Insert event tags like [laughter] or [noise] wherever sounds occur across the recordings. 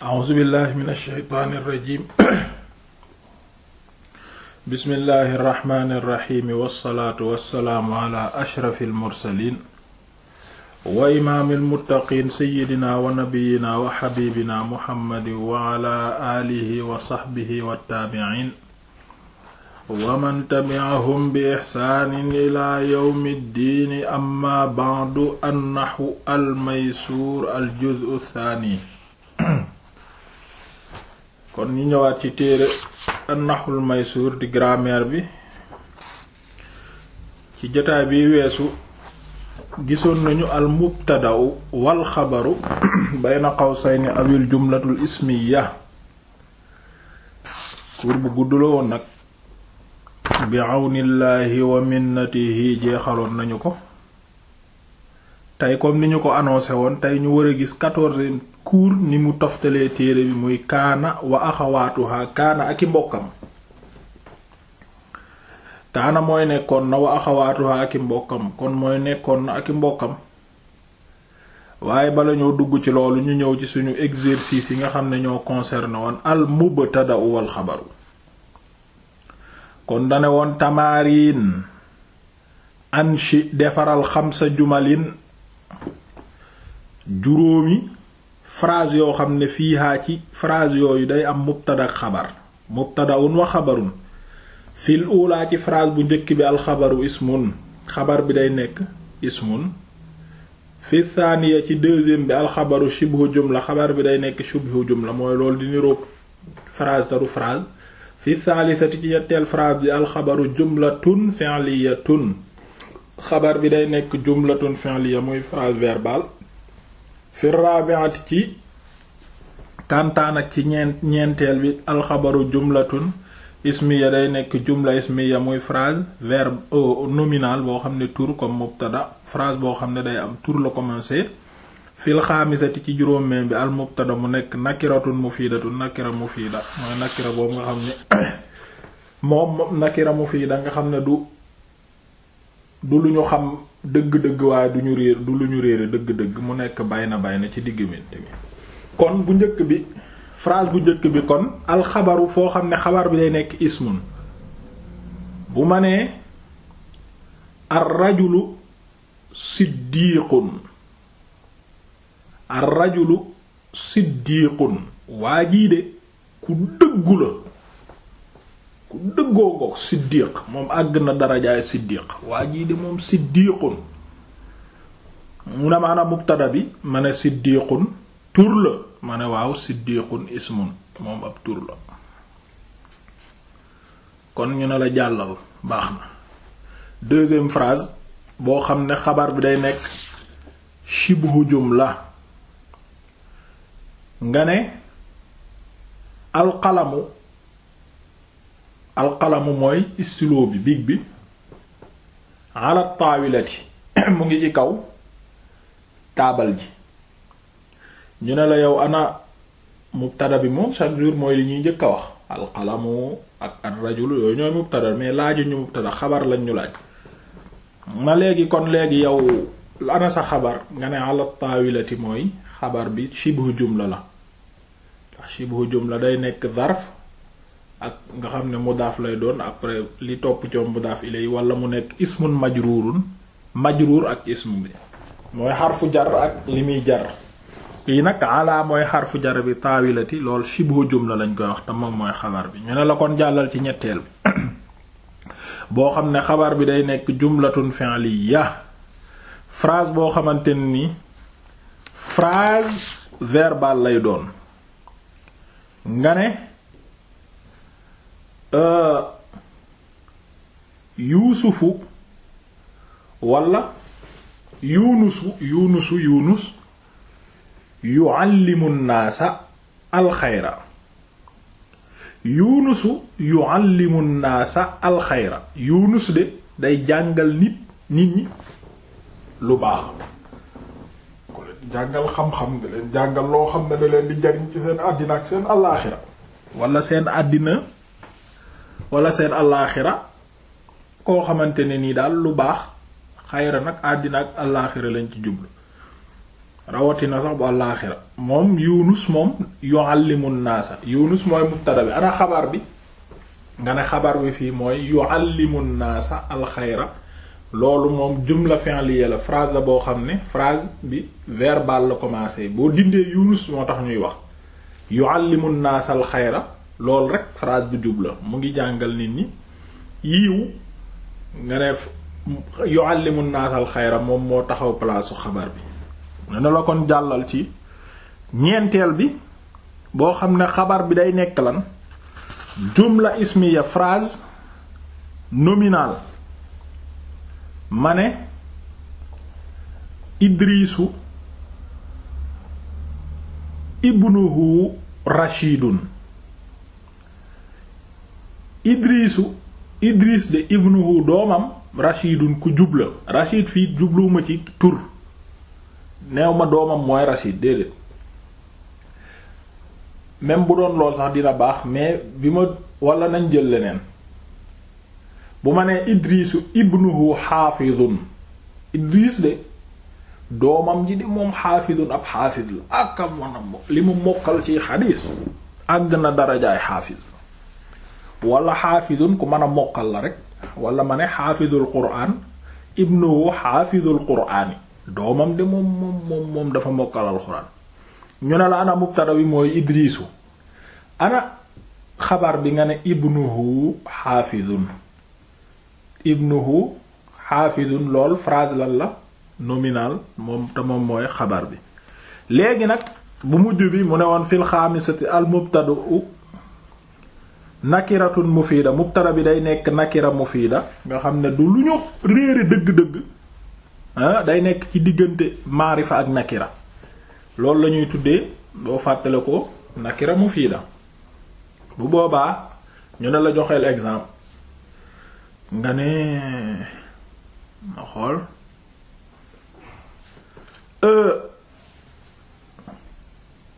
a'uuzu billahi min ash-shaytaani irrajim [clears throat] bismillahi irrahmani irrahimi wassalaatu wassalaamu ala ashrafi almursalin wa imaami almuttaqiin seyidina wa nabiyina wa xabibina muhammadin wa ala aalihi wa saxbihi wattaabiciin wa man tabi'ahum bi ixsaanin ila yawmi ddiini amma ba'du annaxwu almaysuur aljuz'u thaani kon ñu ñëwaat ci téere an-Nahul di grammaire bi ci jotaay bi weesu gisoon nañu al wal xabaru [coughs] bayna qawsayni awil jumlatul ismiya kuur bu gudd nag bi àwnillaahi wa jeexaloon nañu ko tey comme ni ñu ko annoncé woon tey ñu war a gis quatorzième court ni mu toftalee téere bi muy kaana mbokkam kaana mooy nekkoon na wa axawaatuha ak kon nekkoon na ak i mbokkam waaye bala dugg ci loolu ñu ñëw ci suñu exercice yi nga xam ne ñoo concerné woon al mubtada kon dane woon tamarin anchi defaral xamsa jumalin juróomi phrase yoo xam ne fiihaa ci phrase yooyu day am mubtada ak xabar mubtadaun wa xabarun fil uulaa ci phrase bu njëkk bi alxabaru ismun xabar bi day nekk ismun fi thaniya ci deuxième bi alxabaru shibhu jumla xabar bi day nekk shibhu jumla mooy loolu di niroog phrase taru phrase fi thalithati ci ñetteel phrase bi alxabaru jumlatun fi'liyatun xabar bi day nekk jumlatun fi'liya muy phrase verbale fi rabi'ati ci kantaan ak ci ñeent ñeenteel bi alxabaru jumlatun ismiya day nekk jumla ismiya muy phrase verbe euh, nominal boo xam ne tur comme mubtada phrase boo xam ne day am tour la commencer fil xaamisati ci juróom juróomeen bi al mubtada mu nekk nakiratun mufidatun nakira mufida mooy nakira boobu nga xam ne [coughs] moom nakira mufida nga xam ne du du lu ñu xam dëgg-dëgg waaye du ñu réer du lu ñu réere dëgg-dëgg mu nekk bay na bay na ci diggante bi kon bu njëkk bi phrase bu njëkk bi kon alxabaru foo xam ne xabar bi day nekk ismun bu ma nee ar rajulu siddiqun ar waa jii de ku dëggu la ku dëggoo ngoog siddiq moom àgg na darajaay siddiq waa jii de moom siddiqun mu ne bi ma ne siddiqun tur ma ne waaw siddiqun ismun moom ab tur kon ñu ne la jàllal baax na deuxième phrase boo xam ne xabaar bi day nekk shibhu jumla nga ne alqalamu alqalamu mooy stylo bi big bi ala taawilati [clears throat] mu ngi ci kaw taabal ji ñu ne la yow ana mubtada bi moom chaque jour mooy li ñuy njëkk a wax alqalamu ak at rajul yooyu ñooy mubtada mais laaju ñu mubtada xabar lañ ñu laaj na léegi kon léegi yow ana sa xabar nga ne ala taawilati mooy xabar bi shibhu jumla la ndax shibhu jumla day nekk zarf ak nga xam ne mudaaf lay doon après li topp coom mudaaf ilay wala mu nekk ismun majruurun majruur ak ism bi mooy xarfu jar ak li muy jar lii nag ala mooy xarfu jar bi taawilati lool shibhu jumla lañ koy wax te moom mooy xabar bi ñu ne la ci ñetteel [coughs] xam ne xabar bi day nekk jumlatun ya phrase boo xamante ni phrase verbale lay doon nga ne Euh, yuusufu wala yuunusu yuunusu yuunus yuallimu nnaasa alxayra yuunusu yuallimu yuunus de day jàngal nit nit ñi lu baax ku leen jàngal xam-xam da leen jàngal loo xam ne da leen di jariñ ci seen àddina ak seen alaaxira wala seen àddina wala seen allaaxira koo xamante ne nii daal lu baax xayra nag àddina ak allaaxira lañ ci jublu rawatina sax bu allaaxira moom yunus moom yuallimu naasa yunus mooy mubtada bi ana xabar bi nga ne xabaar bi fii mooy yuallimu naasa alxayra loolu moom jumla fi'liya la phrase la boo xam ne phrase bi verbal la commencé boo dindee yunus moo tax ñuy wax yuallimu naasa alxayra loolu rek phrase bi jubla mu ngi jàngal nit ñi yiw nga ne yuallimu naasal xayra moom moo taxaw palaasu xabar bi dana la kon jàllal ci ñeenteel bi boo xam ne xabar bi day nekk lan jumla ismiya phrase frase ma mane idrisu ibnuhu rashidun idrisu idris de ibnuhu doomam rachidun ku jubla rachid fii jubluwuma ci tur neew ma doomam mooy rachid déedéet même bu doon lool sax dina baax mais bi ma walla nañ jël leneen bu ma nee idrisu ibnuhu xaafidun idris de doomam ji di moom xaafidun ab xaafid la akam wanam li mu mokkal ci xadiis àgg na darajaay xaafid wala xaafidun ku mën a mokkal la rek wala ma ne xaafidul quraan ibnuhu xaafidul quraani doomam de moom moom moom moom dafa mokkal alxuraan ñu ne la ana mubtada bi mooy idrisu ana xabar bi nga ne ibnuhu xaafidun ibnuhu xaafidun lool phrase lan la nominal moom te moom mooy xabar bi léegi nag bu mujj bi mu ne woon fi xaamisati al mubtada'u nakiratun mufiida mubtada bi day nekk nakira mufiida nga xam ne du lu ñu réere dëgg-dëgg ah, day nekk ci diggante maarifa ak nakira loolu la ñuy tuddee boo fàttale ko nakira mufiida bu boobaa ñu ne la joxeel exemple nga ne ma xool euh,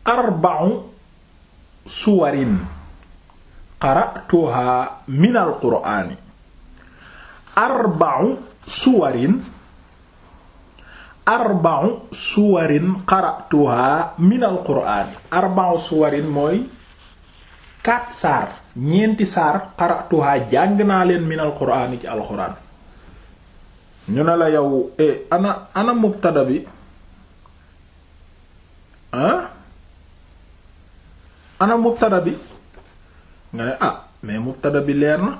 arba'u suwarin qara'tuha min al qur'aani arba'u suwarin arba'u suwarin min al qur'aani arba'u suwarin mooy quatre saar ñeenti saar qara'tuha jàng naa leen min al qur'aani ci alxuraan ñu ne la yow eh, ana ana mubtada bi ana mubtada bi nga ne ah mais mubtada bi leer na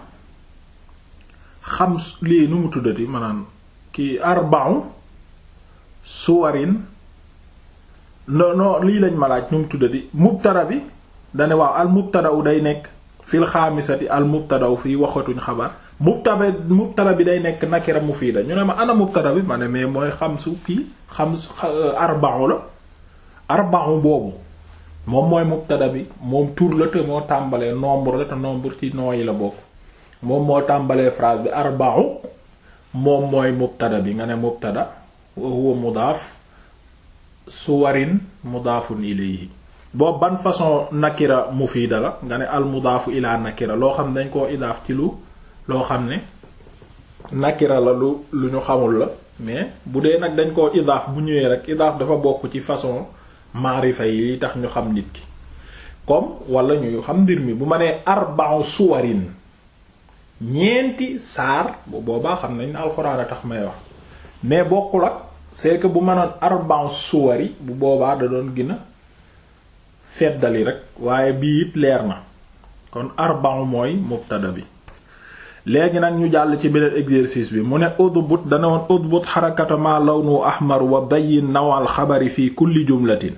xam lii nu mu tuddati maanaam kii arba'u suwarin non non lii lañ ma laaj nu mu tuddati mubtada bi dane waaw al mubtada'u day nekk fil xaamisati al mubtada'u fii waxatuñ xabaar mubtada mubtada bi day nekk nakira mufiida ñu ne ma ana mubtada bi ma ne mais mooy xam su kii xams arba'u la arba'u boobu moom mooy mubtada bi moom tur la te moo tàmbalee nombre la te nombre ci noo yi la bokk moom moo tàmbalee phrase bi arba'u moom mooy mubtada bi nga ne mubtada wa huwa mudaaf suwarin mudaafun ilayhi boobu ban façon nakira mufiida la nga ne al mudaafu ilaa nakira loo xam ne dañ koo idaaf ci lu loo xam ne nakira la lu lu ñu xamul la mais bu dee nag dañ koo idaaf bu ñëwee rek idaaf dafa bokk ci façon maarifa yi li tax ñu xam nit ki comme walla ñu xam mbir mi bu ma nee arba'u suwarin ñeenti saar bu boobaa xam nañ ne alxuraan a tax may wax mais bokk ak c'est bu ma mënoon arba'u suwari bu boobaa da doon gina a feddali rek waaye bii it leer na kon arba'u mooy mubtada bi léegi nag ñu jàll ci beneen exercice bi mu ne udbut dana woon udbut xarakata ma lawnu ahmar wa bayyin nawal xabari fi kulli jumlatin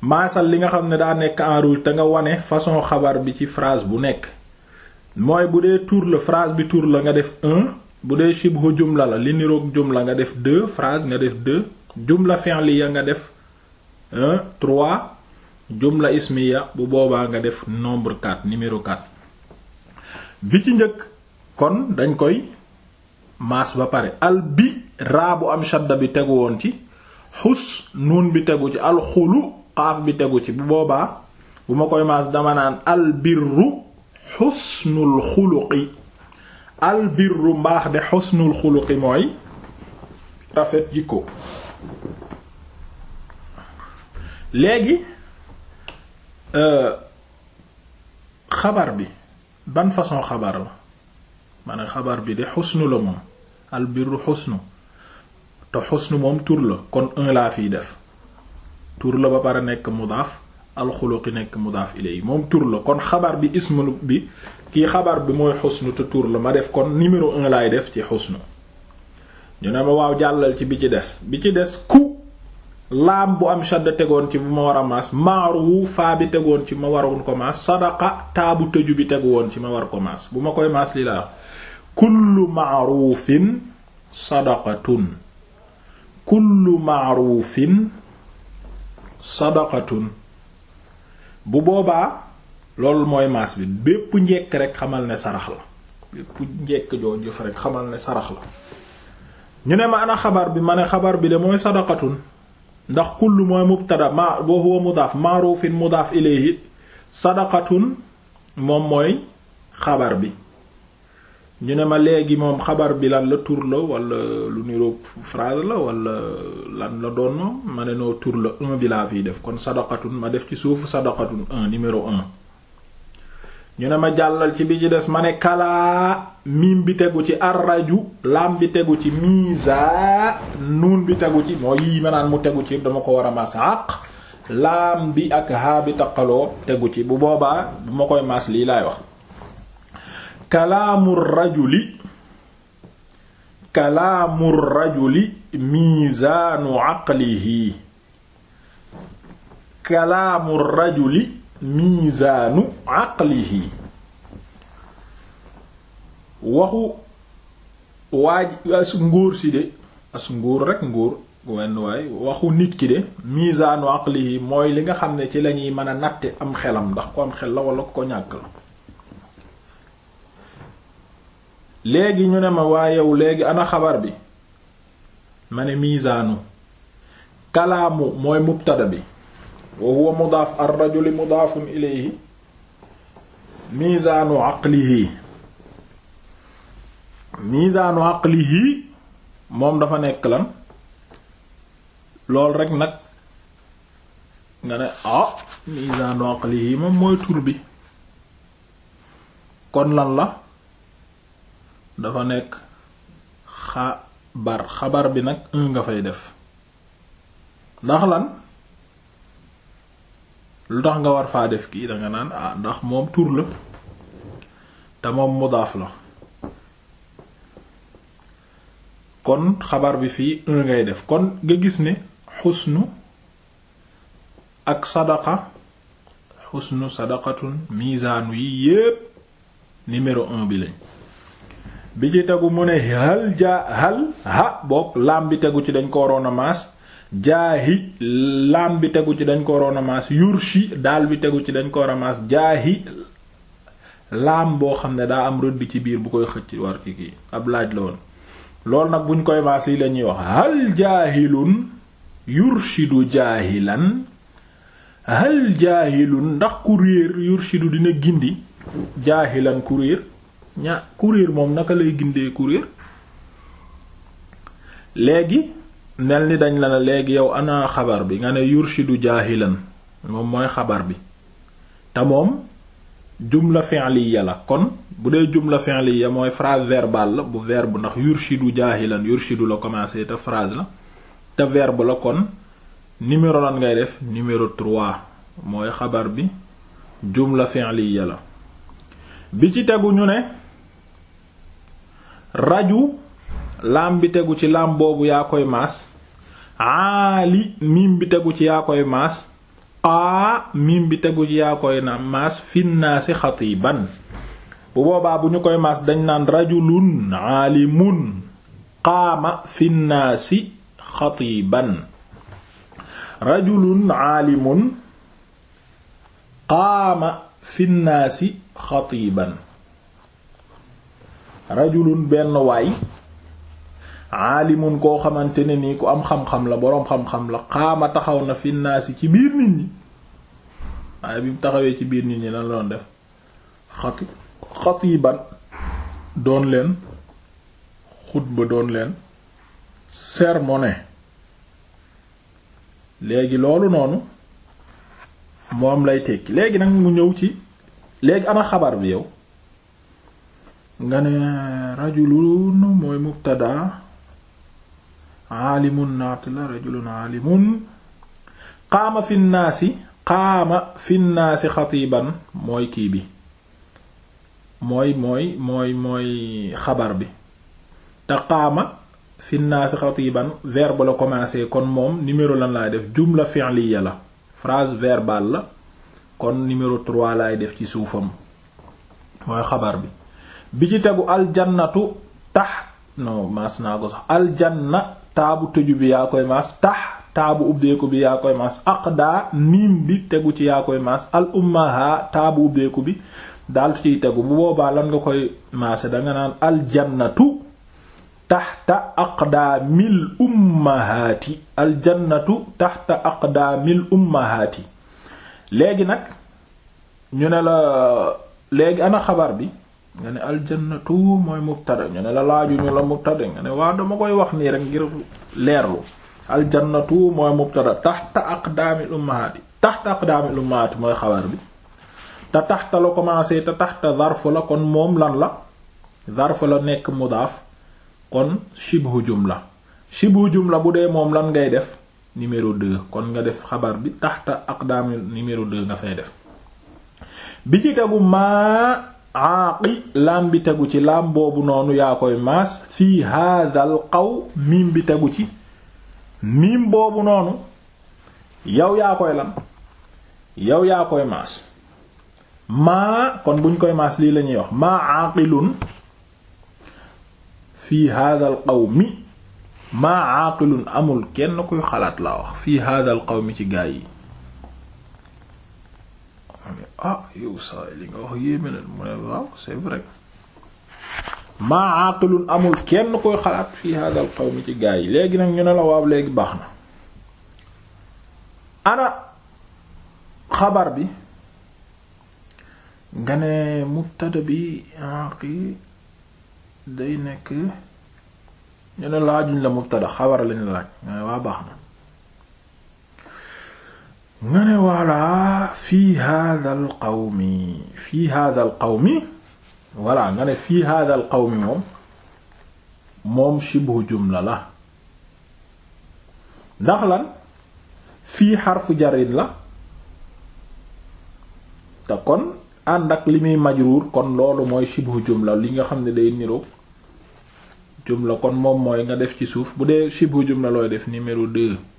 maasal li nga xam ne daa nekk en rouge te nga wane façon xabar bi ci phrase bu nekk mooy bu dee tur la phrase bi tur la nga def bu dee shibhu jumla la li niroog jumla nga def deux phrase nga def deux jumla fi'liya nga def un trois jumla bu boobaa nga def nombre numéro quatre bi ci njëkk kon dañ koy maas ba pare al bi raa bu am shadda bi tegu woon ci xus nuun bi tegu ci alxulu qaaf bi tegu ci bu boobaa bu ma koy maas dama naan albirru xusnul xuluqi albirru mbaax de xusnul xuluqi mooy rafet jikko léegi euh, xabar bi ban façon xabar la ma ne xabar bi de xusnu la moom albirru xusnu te xusnu moom tur la kon un laa fiy def tur la ba pare nekk mudaaf alxuluqi nekk mudaaf ilay moom tuur la kon xabar bi ismu bi kii xabar bi mooy xusnu te tur la ma def kon numéro un laay def ci xusnu ñu ne ma waaw jàllal ci bi ci des bi ci des ku laam bu am shadda tegoon ci bu ma war a maas maaru faa bi tegoon ci ma waroon ko maas sadaqa taabu tëju bi tegu woon ci ma war ko maas bu ma koy maas li laa kullu maarufin sadaqatun kullu maarufin sadaqatun bu boobaa loolu mooy maas bi bépp njekk rekk xamal ne sarax la bépp joo jëf rek xamal ne sarax ñu ne ma ana xabar bi ma ne xabar bi de mooy sadaqatun ndax kullu mooy mubtada ma wa huwa mudaaf ma'rufin mudaaf ilayhi sadaqatun moom mooy xabar bi ñu ne ma léegi moom xabar bi lan la tur la wala lu niroog phrase la walla lan la doon ma ne noo tur la un bi laa fiy def kon sadaqatun ma def ci suufu sadaqatun un numéro un ñu ne ma jàllal ci bi ci des ma ne kalaa miim bi tegu ci arraju laam bi tegu ci miisa nuun bi tegu ci moo yii ma naan mu tegu ci dama ko war a mas àq laam bi ak haa bi taqaloo tegu ci bu boobaa bu ma koy mas lii laay wax kalaamu rajuli kalaamu rajuli miizaanu aqlihi kalaamu rajuli miizaanu aqlihi waxu waaj as ngóor si de as nguur rekk nguur wenn waaye waxu nit ki de miizaanu aqlihi mooy li nga xam ne ci lañuy mën a natte am xelam ndax ko am xel la wala ko ñàkk la léegi ñu ne ma waa yow léegi ana xabar bi ma ne miisaanu kalaamu mooy mubtada bi wa huwa mudaaf ar rajuli mudaafun ilayhi miisaanu aqlihi miisaanu aqlihi moom dafa nekk lan lool rek nag nga ne ah miisaanu aqlihi moom mooy tur bi kon lan la dafa nekk xabar bi nag un nga fay def ndax lan lu tax nga war faa def kii danga naan ah ndax moom tur la te moom mudaaf la kon xabar bi fii un ngay def kon nga gis ne xusnu ak sadaqa xusnu sadaqatun mizaanu yi yépp numéro un bi lañ bi ci tegu mu ne hal jaa hal ha boog laam bi tegu ci dañ ko waroon a maas jaahi laam bi tegu ci dañ ko waroon a maas yurshi daal bi tegu ci dañ ko war a maas jaahi lam boo xam ne daa am rëdd ci biir bu koy xëcc war ci kii ab laaj la woon loolu nag buñ koy maas yi la ñuy wax hal jaahilun yurshidu jaahilan hal jaahilun ndax ku réer yurshidu dina gindi jaahilan ku réer ña coureur moom naka lay gindee coureur léegi nel ni dañ la léegi yow ana xabar bi nga ne yursi du yurshidu jaahilan moom mooy xabar bi te moom jumla fi'liya la kon bu dee jumla fi'liya mooy phrase verbale la bu verbe ndax du lan jaahilan du la commencé te frase la te verbe la kon numéro lan ngay def numéro 3 mooy xabar bi jumla fi'liya la bi ci tegu ñu ne raju laam bi tegu ci laam boobu yaa koy maas aali miim bi tegu ci yaa koy maas aa miim bi tegu ci yaa koy na maas finnaasi xatiban bu boobaa bu ñu koy maas dañ naan rajulun aalimun qaama finnaasi xatiban rajulun aalimun qaama finnaasi xatiban rajulun benn waay aalimun koo xamante ne nii ku am xam-xam la boroom xam-xam la xaama taxaw na fi naasi ci biir nit ñi waaye bi mu taxawee ci biir nit ñi lan la doon def yi xatiban doon leen xutba doon leen sermone léegi loolu noonu moom lay tekki léegi nag mu ñëw ci léegi ana xabaar bi yow nga ne rajulun mooy mubtada aalimun naat la rajulun aalimun qaama fi nnaasi qaama fi nnaasi xatiiban mooy kii bi mooy mooy mooy mooy xabar bi te qaama fi nnaasi xatiiban verbe la commencé kon moom numéro lan laay def jumla fi'liya la phrase verbale la kon numéro 3 laay def ci suufam mooy xabar bi bi ci tegu aljannatu tax non maas naa ko sax aljanna taabu tëju bi yaa koy maas tax taabu ubbeeku bi yaa koy maas aqda miim bi tegu ci yaa koy maas al ummaha taabu ubbeeku bi daal ciy tegu bu boobaa lan nga koy maase danga naan aljannatu taxta aqdaamil ummahaati aljannatu taxta léegi nag ñu ne la léegi ana xabar bi nga ne aljannatu mooy mubtada nga ne la laajuñu la mubtada nga ne waa dama koy wax nii rek ngir leerlu aljannatu mooy mubtada taxta aqdaamil ummahaati taxta aqdaamil ummahaati mooy xabar bi te taxta la commencé te taxta zarf la kon moom lan la zarf la nekk mudaaf kon shibhu jumla shibhu la bu dee moom lan ngay def numéro 2 kon nga def xabar bi taxta aqdaamil numéro 2 nga fay def bi ci tegu maa aaqi laam bi tegu ci laam boobu noonu yaa koy maas fii haadal qaw miim bi tegu ci miim boobu noonu yow yaa koy lan yow yaa koy maas maa kon buñ koy maas lii la ñuy wax maa aaqilun fii haadal qaw mi maa aaqilun amul kenn kuy xalaat laa wax fii haadal xaw mi ci gaa yi ah yow saa li nga wax yéeme na mu ne waaw c'est vrai maa aqilun amul kenn koy xalaat fii hadal qawmi ci gaa yi léegi nag ñu ne la waaw léegi baax na ana xabar bi nga ne mubtada bi aqi day nekk ñu ne laajuñ la mubtada xabar lañ laaj nga ne waa baax na nga ne voilà fii hada al qawmi fii hada al qawmi voilà nga ne fii hada al qawmi moom moom shibhu jumla la ndax lan fii xarfu jariñ la te kon ànd ak li muy majruur kon loolu mooy shibhu jumla li nga xam ne day niro jumla kon moom mooy nga def ci suuf bu dee shibhu jumla looy def numéro 2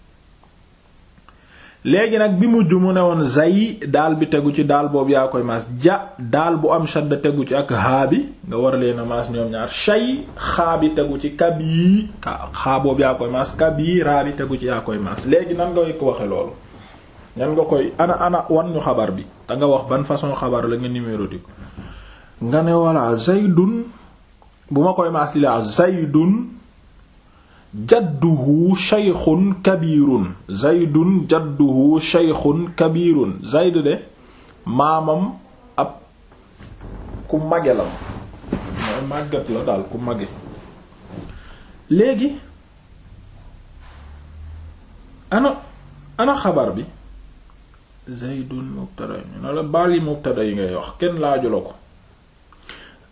léegi nag bi mujj mu ne woon zay daal bi tegu ci daal boobu yaa koy maas ja daal bu am shadda tegu ci ak xaa bi nga war leen a maas ñoom ñaar shay xaa bi tegu ci kab yi xaa boobu yaa koy maas kab yi raa bi tegu ci yaa koy maas léegi nan nga ko waxe loolu nan nga koy ana ana wan ñu xabar bi da nga wax ban façon xabar la nga numéro di ko nga ne walla zaydun bu ma koy maas li la zaydun jadduhu shaykhun kabirun zaydun jadduhu shaykhun kabirun zayd de maamam ab ku mage la mooy màggat la daal ku mage léegi ana ana xabar bi zaydun mubtada ñu ne la bali mubtada yi ngay wax kenn laaju la ko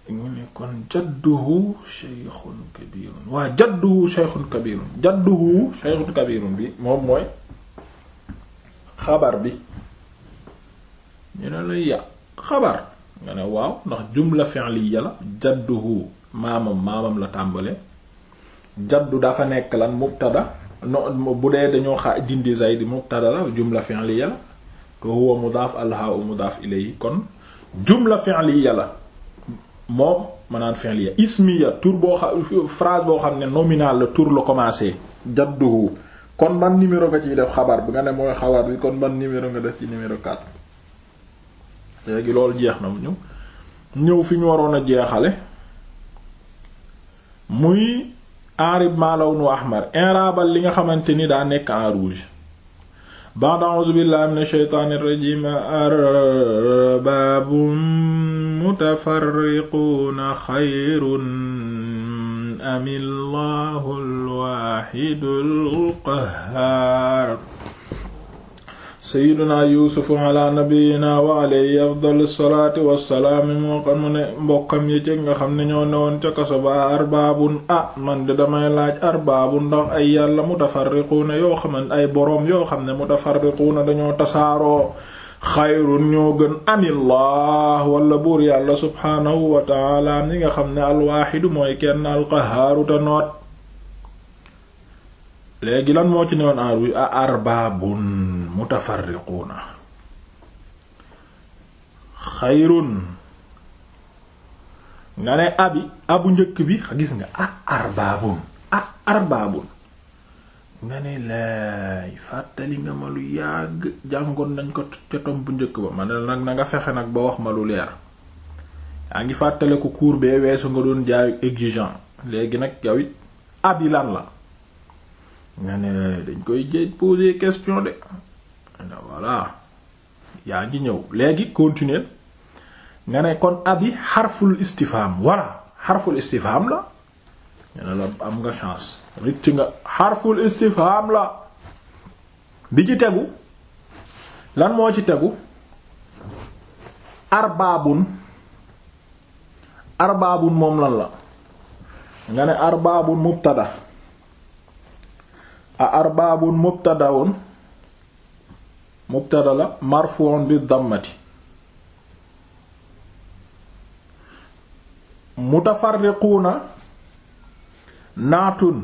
mu ne kon jadduhu shaykhun kabirun waa jadduhu shaykhun kabirun jadduhu shaykhun kabirun bi moom mooy xabar bi ñu ne lay yàq xabar nga ne waaw ndax jumla fi'liya la jadduhu maamam maamam la tàmbale jaddu dafa nekk lan mubtada no bu dee dañoo xaa dindi zayd mubtada la jumla fi'liya la to huwa mudaaf alhaa mudaaf ilayhi kon jumla fi'liya la moom manaan fi'liya ismiya tur boo xam phrase boo xam ne nominal la tour la commencé jadduhu kon ban numéro nga ciy def xabar bi nga ne mooy xabar bi kon ban numéro nga def ci numéro 4 léegi loolu jeex na mu ñëw ñëw fi ñu waroon a jeexale muy enrib maalaw nu ahmar inraabal li nga xamante ni daa nekk en rouge ba'd a'uuzu billahi mina shaytaani rajiim arbaabun mutafarriquuna xayrun amillaahu al-waahidu al-qahhaar sayyiduna yuusufu ala nabiyina wa alayhi afdalu salaatu wassalaami moo xam mu ne mbokkam yi ci nga xam ne ñoo newoon ca kaso ba arbaabun ah man de damay laaj arbaabun ndax ay yàlla mutafarriquuna yoo xam ne ay boroom yoo xam ne mutafarriquuna dañoo tasaaroo xayrun ñoo gën anillah wala buur yàlla subhaanahu wa taala ñi nga xam ne alwaaxidu mooy kenn alqahaaru te léegi lan moo ci newoon aar wi a arbaabun mutafarriquuna xayrun nga ne abi abu njëkk bi gis nga a arbaabun a arbaabun nga ne laay fàttali nga ma lu yàgg jàngoon nañ ko ca tom bu njëkk ba ma nag na nga fexe nag ba wax ma lu leer yaa ngi fàttale ko cours bee weesu nga doon jaay exigeant léegi nag yow it abi lan la nga ne dañ koy jéej poser question de na yaa ngi ñëw léegi continuer nga ne kon abi xarful istifham voilà xarful istifham la nga ne la am nga chance ricc nga xarful istifham la bi ci tegu lan moo ci tegu arbaabun arbaabun moom lan la nga ne arbaabun mubtada a arbaabun mubtadaun mubtada la marfuun bi dammati mutafarriquuna naatun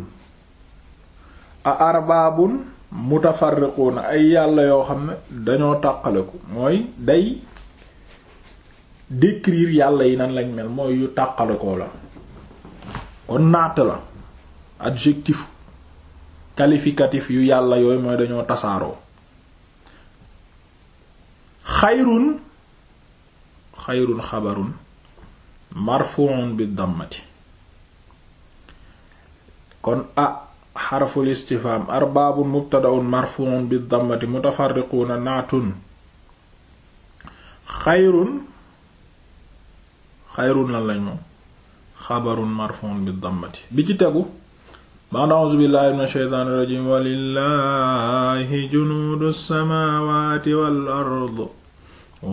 a arbaabun mutafarriquuna ay yàlla yoo xam ne dañoo tàqaleku mooy day décrire yàlla yi na lañ mel mooy yu tàqalekoo la kon naat la adjectif qualificatif yu yàlla yooyu mooy dañoo tasaaroo xayrun xayrun xabarun marfuun bi dammati kon a ah, xarful istifham arbaabun mubtadaun marfuun bi dammati mutafarriquuna naatun xayrun xayrun lan lañ moom xabarun marfuun bi dammati bi ci tegu ba'd a'uuzu billaahi mina shaytaani rajiim walillaahi junuudu samaawaati wal ardi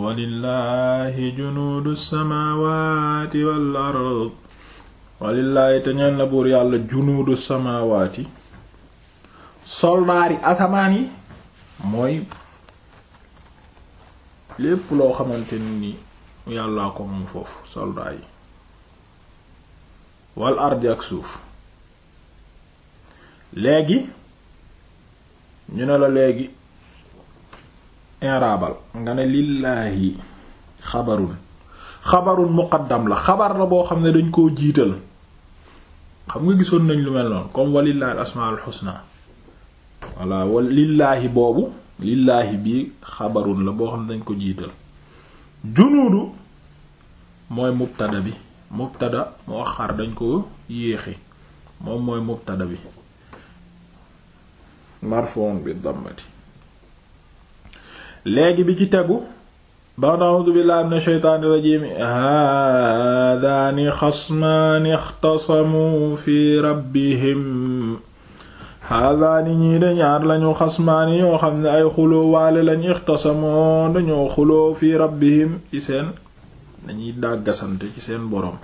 walillaahi junuudu samaawaati wal ardi walillaahi te ñeen la buur yàlla junuudu samaawaati soldaari asamaan yi mooy lépp loo xamante ni yàllaa ko moom foofu soldaar yi wal ardi ak suuf léegi ñu ne la léegi inraabal nga ne lillaahi xabarul xabarun muqaddam la xabar la boo xam ne dañ koo jiital xam nga gisoon nañ lu mel noonu comme walillaahi asmaul xusna walla lillaahi boobu lillaahi bii xabarun la boo xam ne dañ ko jiital junuudu mooy mubtada bi mubtada mu axar dañ ko yéexi moom mooy mubtada bi marfuun bi dammati léegi bi ci tegu ba'da a'uudu billaahi mina shaytaani rajiim haadaani xasmaani ixtasamuu fi rabbihim haadaani ñii de ñaar lañu xasmaani yoo xam ne ay xuloo waale lañu ixtasamoo dañoo xuloo fi rabbihim ci seen dañuy dàggasante ci seen boroom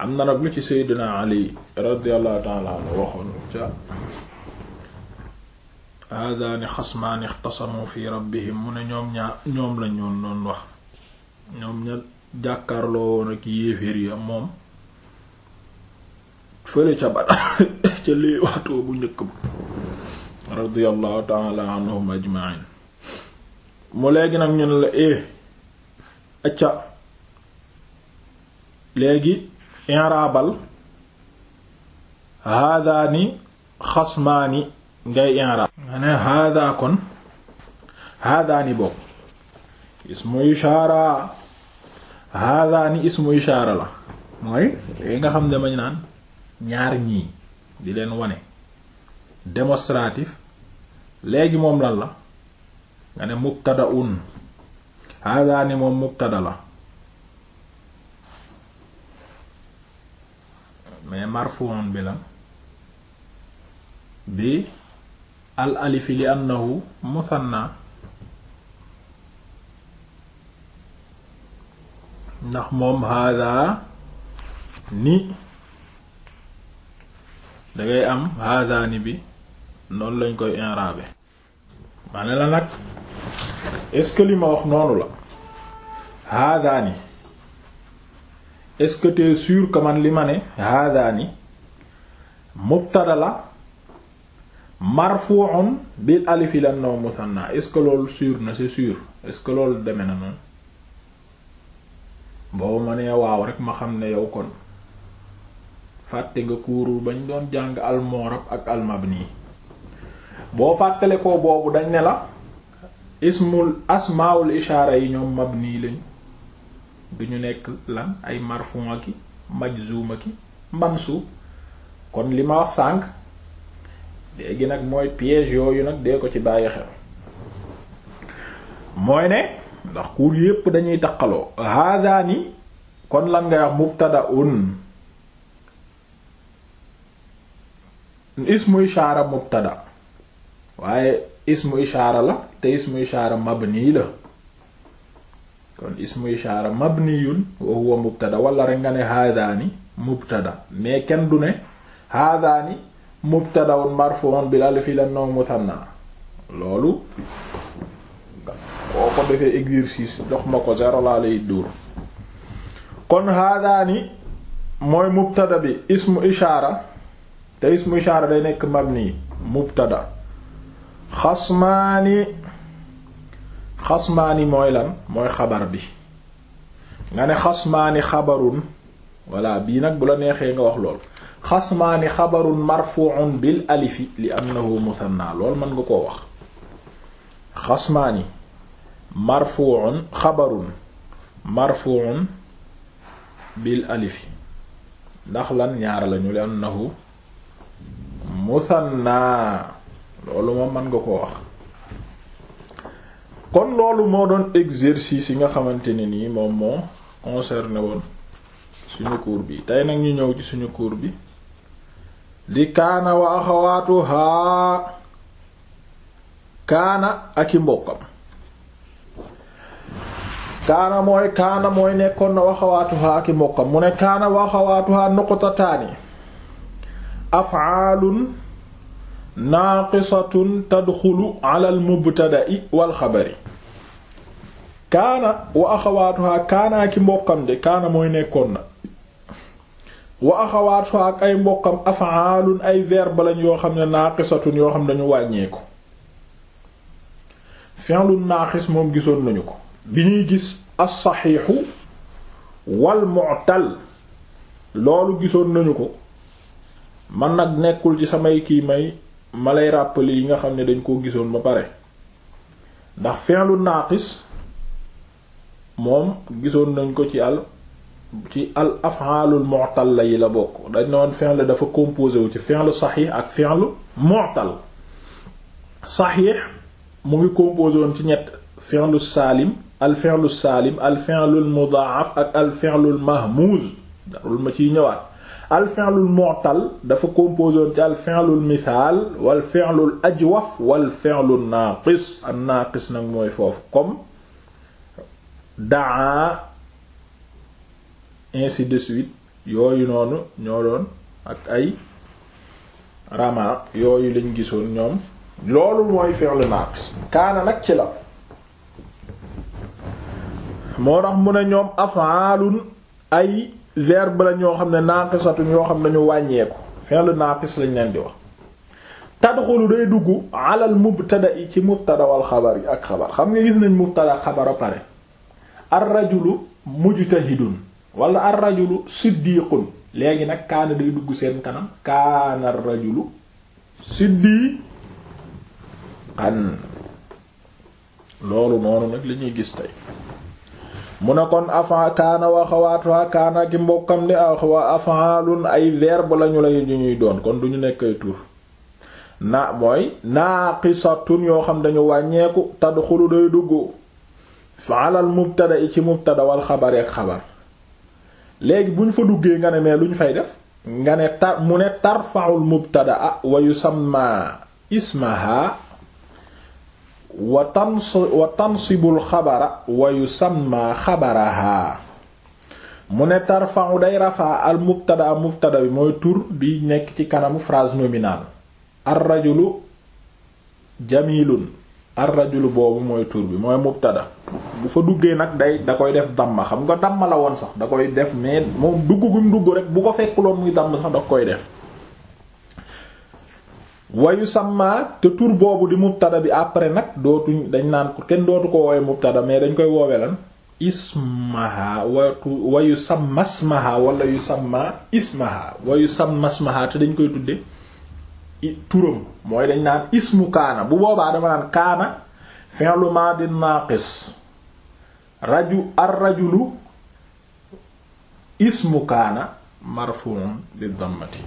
am na nag lu ci Seydina Ali radiyallahu ta'ala anhu waxoon ca haadaani xasmaani ixtasamu fi rabbihim mu ne ñoom ñaar ñoom lañ ñoon wax ñoom ña jàkkaarloo woon ak yéeféer yi moom fële ca bada [laughs] ca lii waatoo bu njëkk ba radiyallahu ta'ala anhum ajma'in mu léegi nag ñun la e acca léegi inraabal haadaani xasmaani ngay inraab nga ne haadaa kon haadaani bokk ismu ishaara haadaani ismu ishaara la mooy yi nga xam ne mañ naan ñaar ñii di leen wone démonstratif léegi moom lan la nga ne mubtada un haadaani moom mubtada la mais marfuun bi la bi al alifi li annahu musanna ndax moom hada ni dangay am hada bi noonu lañ koy inrabe maa la nag est-ce que li ma wax noonu la hada est-ce que t'es sûr que man li ma ne haadaani mubtada la marfu'un bil alifi lan naw musanna est-ce que loolu sûr na c'est sûr est deme na noonu boobu ma nee waaw rek ma xam ne yow kon fàtte nga kuuru bañ doon jàng almoorab ak almabni boo fàttale ko boobu dañ ne la ismul asmaul ishaara yi ñoom mabni lañ du ñu nekk lan ay marfon aki majzum aki mansuub kon li ma wax sànq léegi nag mooy piège yooyu nag dee ko ci bàyyi xel mooy ne ndax kuur yépp dañuy taqaloo haadaani kon lan ngay wax mubtadaun ismu ishaara mubtada waaye ismu ishaara la te ismu ishaara mabni la kon ismu ishaara mabniyun wa huwa mubtada wala rek nga ne haadaani mubtada mais kenn du ne haadaani mubtadaun marfuun bil alif lan no muthanna loolu koo ko defee exercice jox ma ko zéro laa lay dóor kon haadaani mooy mubtada bi ismu ishaara te ismu ishaara day nekk mabni mubtada xasmaani xasmaani mooy lan mooy xabar bi nga ne xasmaani xabarun walla bii nag bu la neexee nga wax lool xasmaani xabarun marfu'un bil alifi li annahu musanna lool mën nga koo wax xasmaani marfu'un xabarun marfu'un bil alifi ndax lan ñaar lañu li annahu musanna loolu moom mën nga koo wax kon loolu moo doon exercice yi nga xamante ne nii moom moo concerné woon suñu cours bi tey nag ñu ñëw ci suñu cours bi di kaana wa axawaatuha kaana ak mbokkam kaana mooy kaana mooy nekkoon na waxawaatuha ak i mbokkam mu ne kaana waxawaatuha nuqtataani af'aalun naaqisatun tadxulu ala al mubtada'i wal xabari kaana wa axawaatuhaa kaanaa ki mbokkam de kaana mooy nekkoon na wa axawaatuhaa ak ay mbokkam af'aalun ay verbe lañ yoo xam ne naaqisatun yoo xam ne dañu wàññeeku fi'lun naaqis moom gisoon nañu ko bi ñuy gis as-saxiixu wal loolu gisoon nañu ko man nag nekkul ci samay kii may ma lay rappeler yi nga xam ne dañ koo gisoon ba pare ndax fi'lun naaqis moom gisoon nañ ko ci al ci al af'alul mu'talla yi la bokk dañ ne woon dafa composé wu ci fi'l saxiix ak fi'l mu'tal saxiix mu ngi composé woon ci ñett fi'l saalim al fi'l saalim al fi'l mudaa'af ak al fi'l mahmuuz darul ma ciy ñëwaat al fi'l mu'tal dafa composé woon ci al fi'l misaal wal fi'l ajwaf wal fi'l naaqis an naaqis nag mooy foofu comme daa ainsi de suite yooyu noonu ñoo doon ak ay rama yooyu lañ gisoon ñoom loolu mooy fi'l naaqis kaana nag ci la moo tax mu ne ñoom af'aalun ay verbe la ñoo xam ne naaqisatun yoo xam ne dañu wàññeeku fi'l naaqis lañ leen di wax tadxulu day dugg alal mubtada yi ci mubtada wal xabar yi ak xabar xam nga gis nañ mubtada xabar a pare ar-rajulu mujtahidun wala ar-rajulu siddiqun léegi nag kaana day dugg seen kanam kaana ar-rajulu siddiqan loolu noonu nag lañuy gis tey mu ne kon afan kaana waxawaatwa kaana ki mbokkam di awa afaalun ay verbe lañu lay ñu ñuy doon kon duñu nekk ay tur na mooy naaqisatun yoo xam dañu wàññeeku tadxulu day dugg fa alal mubtada i ci mubtada wal xabar ak xabar léegi bu ñu fa duggee nga ne mais lu ñu fay def nga ne tar mu ne tarfa'ul mubtadaa wa yusamma ismaha wa tans wa tansibul xabara wa yusamma xabaraha mu ne tarfa'u day rafaa al mubtada mubtada bi mooy tur bi nekk ci kanamu phrase nominale ar rajulu jamilun ar rajulu boobu mooy tur bi mooy mubtada bu fa duggee nag day da koy def damma xam nga damma la woon sax da koy def mais moom dugg dugg rek bu ko fekkuloon muy damm sax koy def wayu sàmma te tur boobu di mubtada bi après nag dootuñ dañ naan kenn dootu ko woowe mubtada mais dañ koy woowe lan ismaha watu wayu sàmmasmaha wala yu sàmma ismaha wayu sàmmasmaha te dañ koy tudde turam mooy dañ naan ismu kaana bu boobaa dama naan kaana fi'lu madin naqis raju ar rajulu ismu kaana marfu'un bi dammati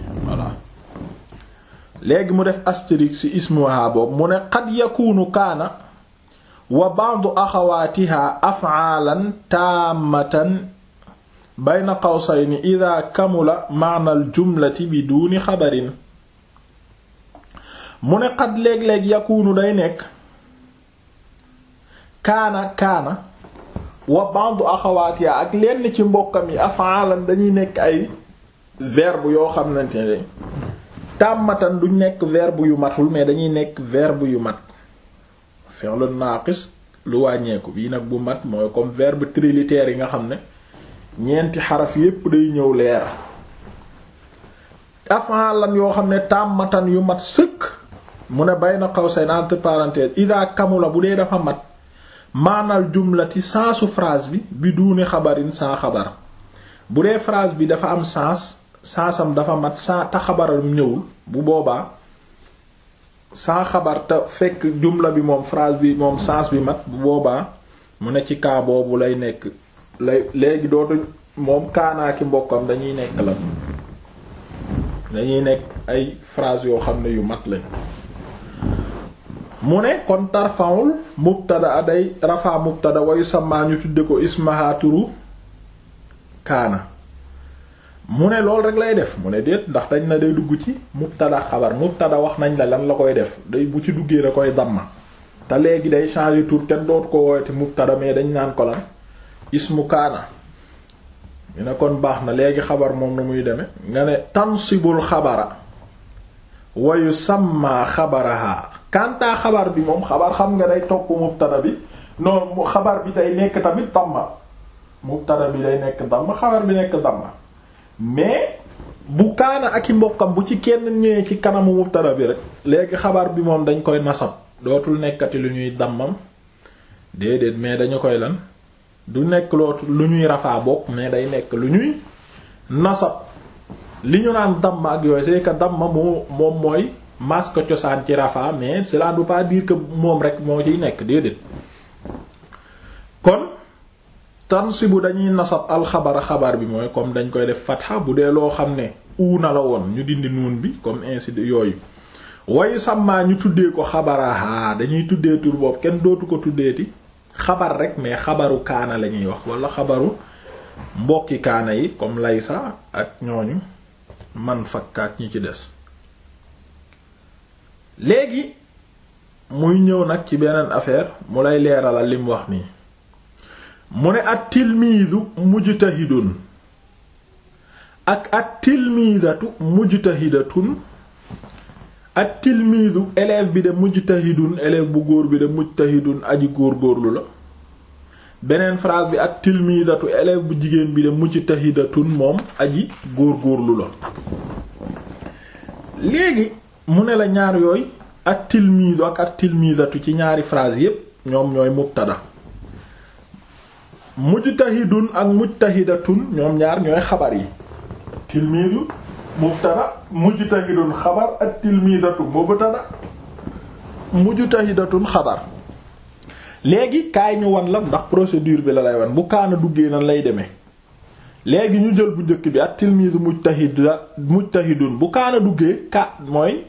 léegi mu def astérisque ci ismuha boobu mu ne qad yakunu kaana wa ba'du axawaatiha af'aalan taammatan bayna qawsayni idha kamula ma'na al jumlati biduni xabarin mu ne xat léeg-léeg yakunu day nekk kaana kaana wa ba'du axawaatiha ak lenn ci mbokkam yi afaalan dañuy nekk ay verbe yoo xamante ne tàmmatan du nekk verbe yu matul mais dañuy nekk verbe yu mat fi'lun naaqis lu wàññeeku bi nag bu mat mooy comme verbe trilitère yi nga xam ne ñeenti xaraf yépp day ñëw leer afaalan yoo xam ne tàmmatan yu mat sëkk mu ne bayna qawsayn entre parenthèses ida kamula bu dee dafa mat maanal jumlati sensu frase bi bi duuni xabarin sans xabar bu dee phrase bi dafa am sens sensam dafa mat sans te xabaram ñëwul bu boobaa sans xabar te fekk jumla bi moom phrase bi moom sens bi mat bu boobaa mu ne ci kaa boobu lay nekk lay léegi dootu moom kaanaaki mbokkam dañuy nekk la dañuy nekk ay phrase yoo xam ne yu mat lañ mu ne kon tarfa'ul mubtada day rafa mubtada wayu yusamma ñu tudde ko ismaha turu kaana mu ne loolu rek lay def mu ne déet ndax dañ na day dugg ci mubtada xabar mubtada wax nañ la lan la koy def day bu ci duggee la koy damma te léegi day changer tur kenn dootu ko woowete mubtada mais dañ naan ko lan ismu kaana ñu ne kon baax na léegi xabar moom na muy deme nga ne tansibul xabara wa yusamma xabaraha kanta xabar bi moom xabar xam nga day topp mubtada bi noonu xabar bi day nekk tamit damma mubtada bi day nekk damma xabar bi nekk damma mais bu kaana ak i mbokkam bu ci kenn ñëwee ci kanamu mubtada bi rek léegi xabar bi moom dañ koy nasab dootul nekkati lu ñuy dammam déedéet mais dañu koy lan du nekk lootu lu ñuy rafaa bokk mais day nekk lu ñuy nasab li ñu naan damma ak yooyu c'est que damma moom mooy masque cosaan ci Rafah mais cela ne veut pas dire moom rek moo ciy nekk déedéet kon tansibu dañuy nasab alxabara xabar bi mooy comme dañ koy def fatha bu dee loo xam ne na la woon ñu dindi nuun bi comme ainsi de yooyu wayu sàmmaa ñu tuddee ko xabaraha dañuy tuddee tur boobu kenn dootu ko tuddeeti xabar rek mais xabaru kaana la ñuy wax walla xabaru mbokki kaana yi comme laysa ak ñooñu man fakkaat ñu ci des léegi muy ñëw nag ci beneen affaire mu lay leeralal li wax nii mu ne at tilmiidu mujtahidun ak at tilmiidatu mujtahidatun at tilmiidu élève bi de mujtahidun élève bu góor bi de mujtahidun aji góor-góorlu la beneen phrase bi at tilmiidatu élève bu jigéen bi de mujtahidatun moom aji góor-góorlu la léegi mu ne la ñaar yooyu ak tilmiidu ak ak tilmiidatu ci ñaari phrase yépp ñoom ñooy mubtada mujtahidun ak mujtahidatun ñoom ñaar xabar yi tilmiidu mubtada mujtahidun xabar ak tilmiidatu mubtada mujtahidatun xabar léegi kaay ñu wan la ndax procédure bi la lay wan bu kaana duggee nan lay demee léegi ñu jël bu njëkk bi at tilmiidu mujtahida mujtahidun bu kaana duggee ka mooy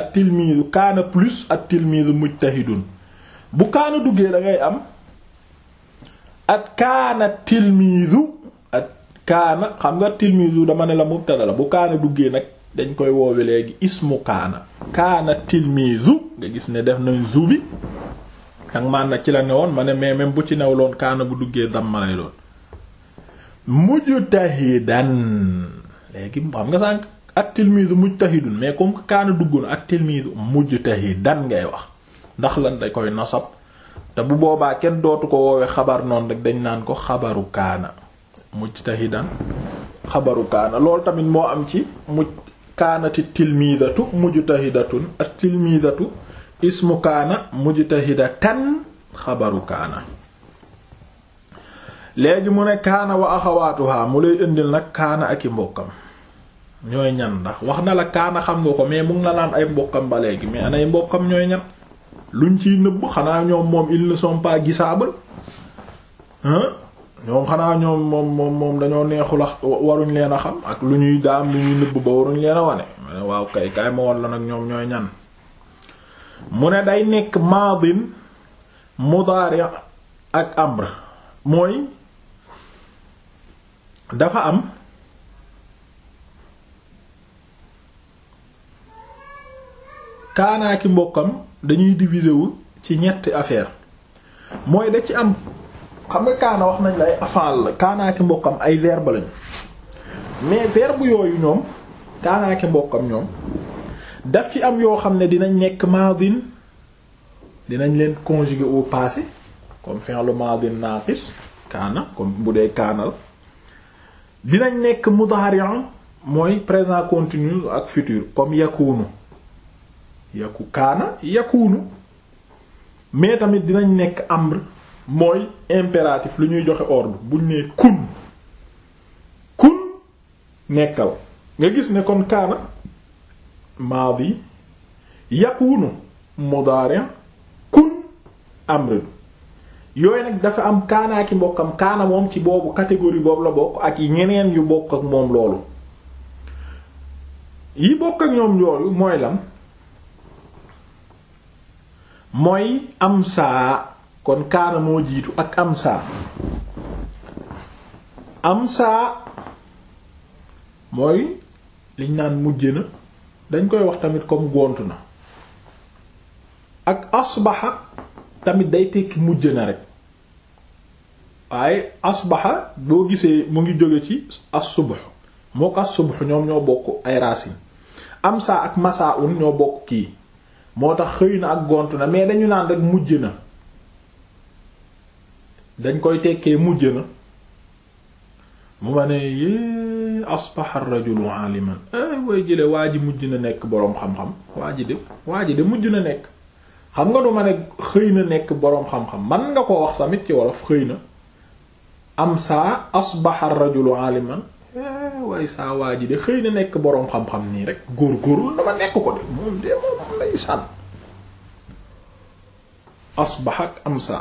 at-tilmiizu kaana plus at-tilmiizu mujtahidun bu kaana duggee da ngay am at kaana tilmiizu at kaana xam nga tilmiizu dama ne la mubtada la bu kaana duggee nag dañ koy woowe léegi ismu kaana kaana tilmiizu nga gis ne def nañ zubi ak man nag ci la ne woon ma ne mais même bu ci new loon kaana bu duggee dam ma lay doon mujtahidan léegi xam nga sànk at-tilmiizu mujtahidun mais comme que kaana duggoon at-tilmiizu mujtahidan ngay wax ndax lan da koy nasab te bu boobaa kenn dootu ko woowee xabar noonu rek dañ naan ko xabaru kaana mujtahidan xabaru kaana loolu tamit moo am ci muj kaanati mujj mujtahidatun at-tilmiidatu ismu kaana mujtahidatan xabaru kaana léegi mu ne kaana wa axawaatuha mu lay indil nag kaana ak i mbokkam ñooy ñan ndax wax na la kaana xam nga ko mais mu na laan ay mbokkam ba léegi mais anay mbokkam ñooy ñan luñ ciy nëbb xanaa ñoom moom ils ne sont moom moom dañoo neexul a waruñ leen a xam ak lu ñuy daam lu ñuy nëbb ba waruñ leen a wane ma waaw kay kaay ma woon la nag ñoom ñooy ñan mu ne day nekk maadin mudaari ak amr mooy dafa am kaanaaki mbokkam dañuy diviser wu ci ñetti affaire mooy de ci am xam nga kaana wax nañ lay afal la kaanaa mbokkam ay verbe lañu mais verbu yooyu ñoom kaanaa ki mbokkam ñoom def ci am yoo xam ne dinañ nekk madin dinañ leen conjuguer au passé comme fi'l madin naqis kaana comme bu dee kaana dinañ nekk mudari'an mooy présent continue ak futur comme yakunu yaku kaana yakuunu mais tamit dinañ nekk amr mooy impératif lu ñuy joxe ordre buñ nee kun kun nekkal nga gis ne kon kaana maadi yakuunu mudaari kun amr yooyu nag dafa am kaana ak mbokkam kaana moom ci boobu catégorie boobu la bokk ak yi ñeneen yu bokk ak moom loolu yi bokk ak ñoom yooyu mooy lan mooy amsa kon kaana jiitu ak amsa amsa mooy liñ naan mujj na dañ koy wax tamit comme gont na ak asbaxa tamit day tekki mujj na rek waaye asbaxa boo gisee mu ngi jóge ci as-subh moo ko as-subh ñoom ñoo bokk ay racines amsa ak masaa un ñoo bokk kii moo tax xëy na ak gont na mais dañu naan rek mujj na dañ koy tekkee mujj na mu ma ne yée asbaha rajulu aliman ay eh, way jële waa ji mujj na nekk boroom xam-xam waa ji de waa ji de mujj na nekk xam nga du ma ne xëy na nekk boroom xam-xam man nga ko wax samit ci wolof xëy na am saa asbaha rajulu aliman Ah, waaye saa waa ji de xëy na nekk boroom xam-xam nii rek góor-góorul dama nekk ko de moom de moom lay sànn asbaxa ak amsa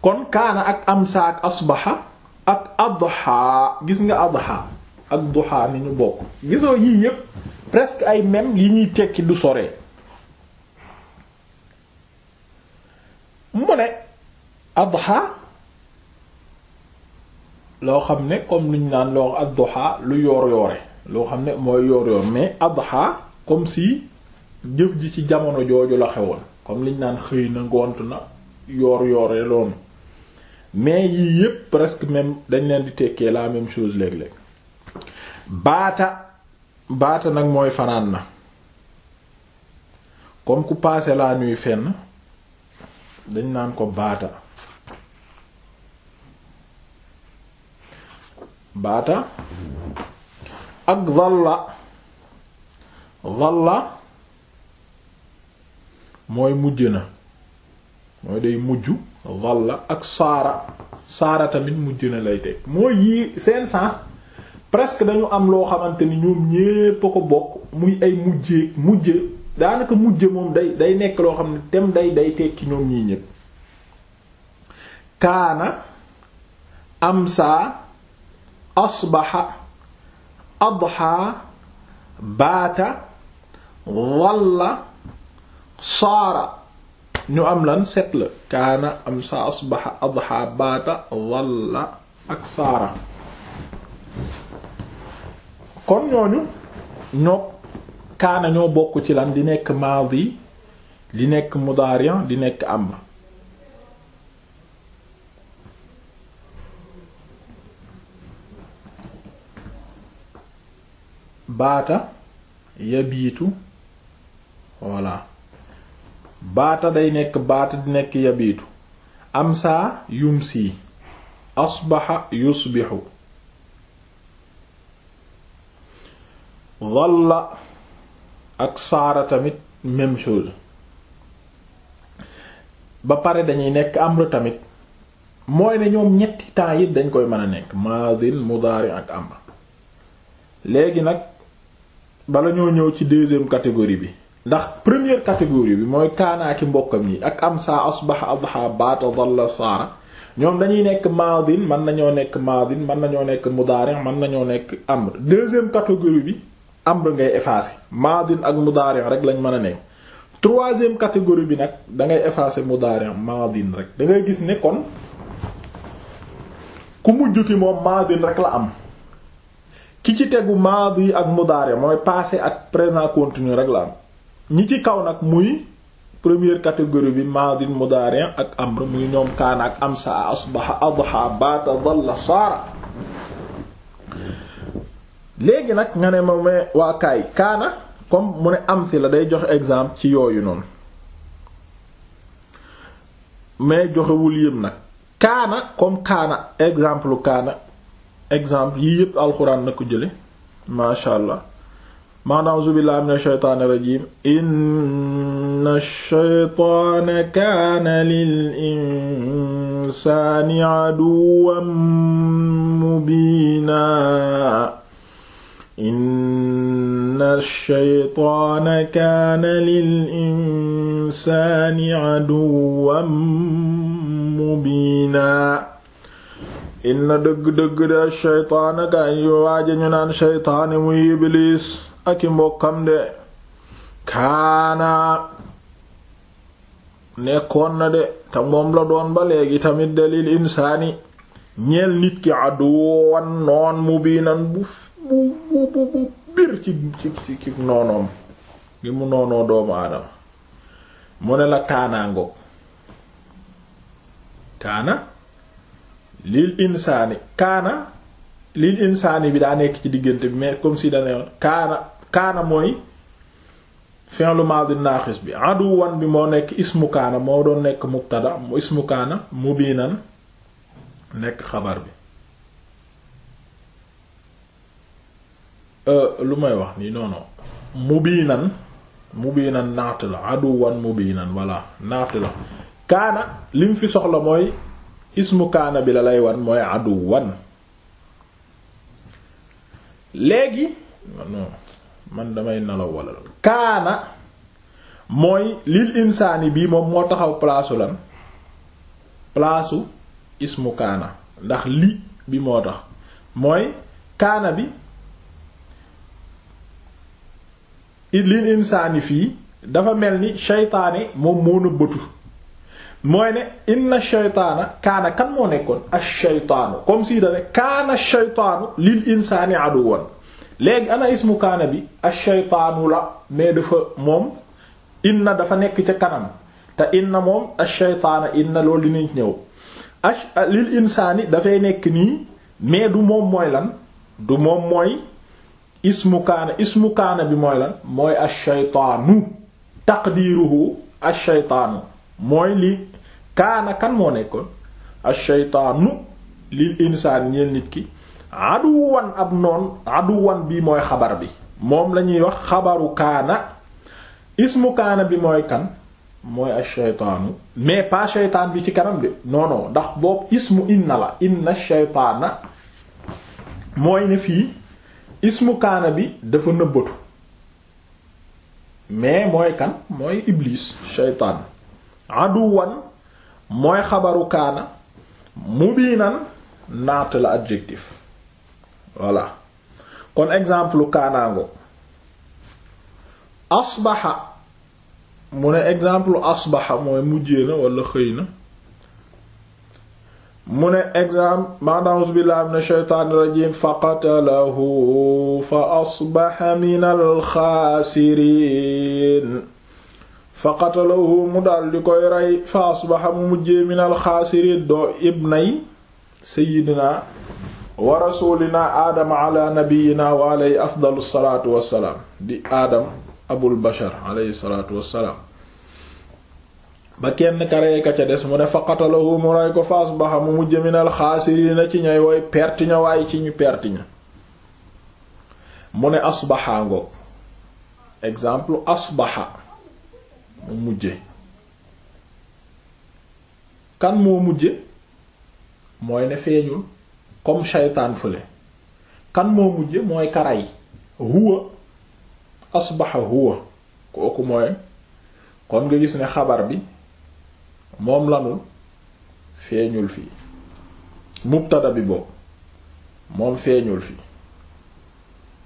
kon kaana ak amsa ak asbaxa ak adha gis nga adha ak duha ni ñu bokk gisoo yii yépp presque ay même yi ñuy tekki du sore mu ne adha loo xam ne comme luñ naan loo ak lu yoor yoore loo xam ne mooy yoor yoor mais adha comme si jëf ji ci jamono jooju la xewoon comme liñ naan xëy na ngont na yoor yoore loonu mais yii yépp presque même dañ leen di tekkee la même chose léeg-léeg baata baata nag mooy fanaan na comme ku passé la nuit fenn dañ naan ko baata baata ak dhalla dhalla mooy mujj na mooy day mujj dhalla ak saara saara tamit mujj na lay teg mooy yii seen sens presque dañu am loo xamante ni ñoom ñépp a ko bokk muy ay mujjee mujje daanaka mujje moom day day nekk loo xam ne tem day day tekki ñoom ñii ñépp kaana amsa asbaxa adxa baata walla saara ñu am lan set la am sa asbaxa adxa baata walla ak saara kon ñooñu ñoo kaana ñoo bokk ci lan di nekk maadi di nekk mudaariyan di nekk am baata yabiitu voilà baata day nekk baata di nekk yabiitu amsaa yumsi asbaxa yusbixu dhalla ak saara tamit même chose ba pare dañuy nekk amr tamit mooy ne ñoom ñetti temps dañ koy mën a nekk maadin mudaari ak amr léegi nag bala ñoo ñëw ci deuxième catégorie bi ndax première catégorie bi mooy kaanaaki mbokkam yi ak am saa asbaha adha baata la saara ñoom dañuy nekk maadin mën nañoo nekk maadin mën nañoo nekk mudaari mën nañoo nekk amr deuxième catégorie bi amr ngay effacer maadin ak mudaari rek lañ mën a nekk troisième catégorie bi nag da ngay effacer mudaari maadin rek da ngay gis ne kon ku mujj ki moom maadin rek la am ki ci tegu maadi ak mudaare mooy passé ak présent continu rek la am ñi ci kaw nag muy première catégorie bi maadi mudaare ak amr muy ñoom kaana ak amsa asbaha adha baata dhalla saara léegi nag nga ne ma mee waa kaay kaana comme mu ne amsi la day joxe exemple ci yooyu noonu mais joxewul yëm nag kaana comme kaana exemple kaana exemple yii yépp alxuraan na ko jële maasha allah maanaam auzu billahi mina shaytaani rajiim inna shaytaana kaana lil insaani aduwwan mubiina inna dëgg-dëgg de a shaytaana gaa yi waaja ñu naan shaytaane muy ibliis ak i mbokkam de kaana nekkoon na de te moom la doon ba léegi tamit dalil insaani ñeel nit ki aduwan noon mu biinan bu bu bu bu ci ci ci noonoom ngi mu noonoo doomu aadama mu ne la kaanaa kaana lil insaani kaana lil insaani bi daa nekk ci diggante bi mais comme si dane kaana kaana mooy fi'lu maadi naaxis bi aduwan bi moo nekk ismu kaana moo doon nekk mubtada mu ismu kaana mu mubinan nekk xabar bi euh, lu may wax nii non non mubinan mubinan naat la aduwan mubinan voilà naat la kaana lim fi soxla mooy ismu kaana bi la lay wan mooy aduwan léegi man damay nelaw wala kaana mooy lil insaani bii moom moo taxaw palaasu lan palaasu ismu kaana ndax li bi moo tax mooy kaana bi lil insaani fii dafa mel ni shaytaane moom moo nëbbatu mooy ne inna shaytaana kaana kan moo nekkoon ash-shaytaanu comme si dane kaana ash-shaytaanu lil insaani aduwwan léegi ana ismu kaana bi ash-shaytaanu la mais dafa moom inna dafa nekk ca kanam te inna moom ash-shaytaana inna loolu dinañ ñëw ash ah, lil insaani dafay nekk nii mais du moom mooy lan du moom mooy ismu kaana ismu kaana bi mooy lan mooy ash-shaytaanu taqdiiruhu ash-shaytaanu mooy li kaana kan moo nekkoon ash-shaytaanu lil insaan ñeel nit ki aduwan ab noon aduwan bi mooy xabar bi moom lañuy wax xabaru kaana ismu kaana bi mooy kan mooy ash-shaytaanu mais pas shaytaan bi ci kanam bi non non ndax boobu ismu inna la inna shaytaana mooy ne fii ismu kaana bi dafa nëbbatu mais mooy kan mooy iblis shaytaan aduwan mooy xabaru kaana mubiinan naat la adjectif voilà kon exemple kaanaango asbaxa mu ne exemple asbaxa mooy mujjee na wala xëy na mu ne exemple maanaam billahi min shaytaani rajiim faqatalahu fa asbaxa min alxaasiriin fa qatalahu mu daal koy rey fa asbaxa mu mujjee minal xaasiriin doo ibnay seyyidina wa rasuulina aadama ala nabiyina wa alayhi afdalu salaatu wassalaam di aadam abul bashar alayhi salaatu wassalaam ba kenn ka rey ka ca des mu ne fa qatalahu mu rey ko fa asbaxa mu mujjee minal xaasiriina ci ñay woy perte ña waaye ci ñu perti ña mu ne asbaxa ngoog exemple asbaxa moo mujje kan moo mujje mooy ne feeñul comme shaytaan fële kan moo mujje mooy karay huwa asbaxa huwa kooku mooy kon nga gis ne xabar bi moom lanul feeñul fi mubtada bi boobu moom feeñul fii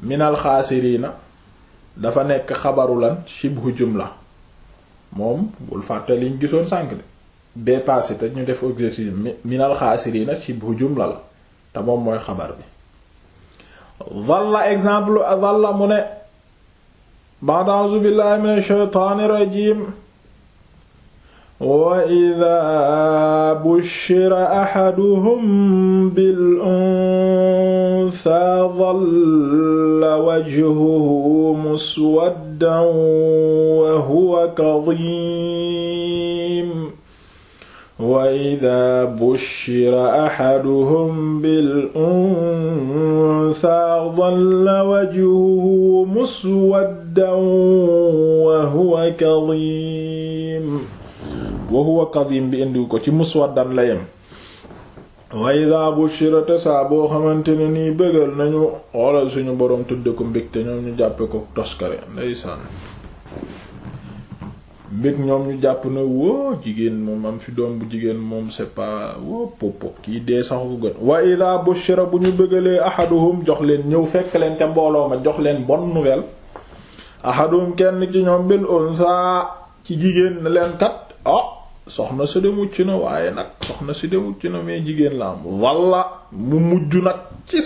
minal xaasiriina dafa nekk xabaru lan shibhu la moom bul fàtte liñ gisoon sànq de bee passé te ñu def exercice minal xaasiriina ci bu jumla la te moom mooy xabar bi valla exemple valla mu ne ba'da a'uuzu billaahi mina shaytaani rajiim wa idaa bushira bil unthaa dhalla wajhuhu muswaddan jiddan wa huwa kadiim wa idaa bushira axaduhum bil unsaa dalla wajhuhu muswaddan wa huwa kadiim wa huwa kadiim bi indiwu ko ci muswaddan la yem wa idha bushira te saa boo xamante ne nii bëggal nañu xoolal suñu boroom tudde ko mbég te ñoom ñu jàppee ko toskare ndeysaan mbég ñoom ñu jàpp na woo jigéen moom am fi doom bu jigéen moom c'est pas popo kii dee sax ko gën wa bushira bu ñu bëggalee ahaduhum jox leen ñëw fekk leen te mbooloo ma jox leen bonne nouvelle ahaduhum kenn ci ñoom bil unsa ci jigéen na leen kat ah, soxna si de mucc na waaye nag soxna si de mucc na mais jigéen la am walla mu mujj nag ci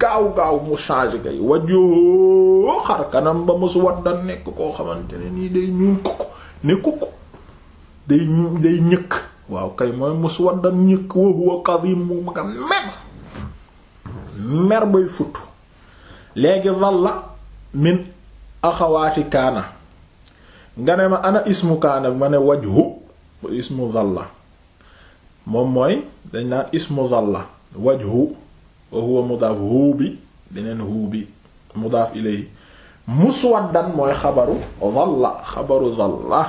gaaw gaaw mu changé kay wajoo xar kanam ba mosu waddan nekk koo xamante ne nii day ñuul kukk ne kukk day ñu day ñëkk waaw kay mooy mosu waddan ñëkk wa huwa kadim nga mer mer bay futt léegi walla min axawaati kaana nga ne ma ana ismu kaana ma ne wajhu ismu dhalla moom mooy dañ naan ismu dhalla wajhu wa huwa mudaaf huu bi deneen huu bi mudaaf ilayhi muswaddan mooy xabaru dhalla xabaru dhalla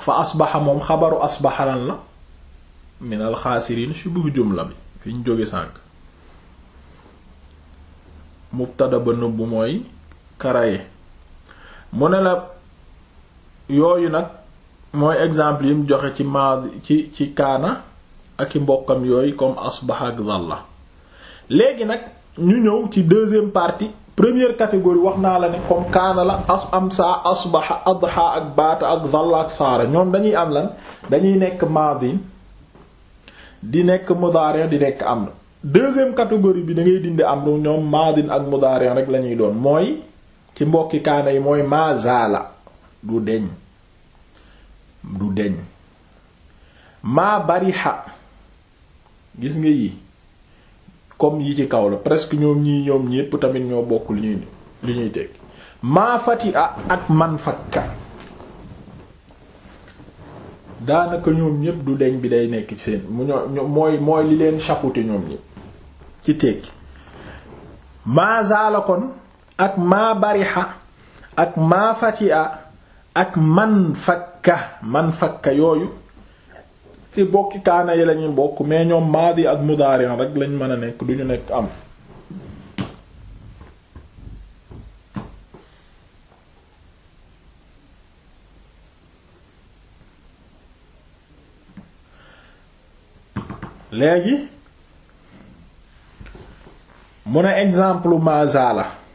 fa asbaxa moom xabaru asbaxa lan la min alxaasiriin shubuh jumla bi fi ñu sànk mubtada ba nëbbu mooy karaye mu ne la yooyu nag mooy exemple yi joxe ci maadi ci ci kaana ak i mbokkam yooyu comme asbaha ak dhalla léegi nag ñu ñëw ci deuxième parti première catégorie wax naa la ne comme kaana la as amsa asbaha adha ak baata ak dhalla ak saara ñoom dañuy am lan dañuy nekk maadi di nekk mudaari di nekk amr deuxième catégorie bi da ngay dindi amru ñoom maadin ak mudaari rek lañuy doon mooy ci mbokki kaana yi mooy maazaala du deñ du deñ maa bariha gis nga yi comme yi ci kaw la presque ñoom ñii ñoom ñépp tamit ñoo bokk li ñuy li ñuy teg maa fati a ak man fakka daanaka ñoom ñépp du deñ bi day nekk ci seen mu mooy li leen chapeauté ñoom ñépp ci tekki maazaala kon ak maa barixa ak maa fatia ak man fakka man fakka yooyu ci bokki kaana yi lañuy bokk mais ñoom maadi ak mudaari rek lañ mën a nekk duñu nekk am léegi mu ne exemple mazala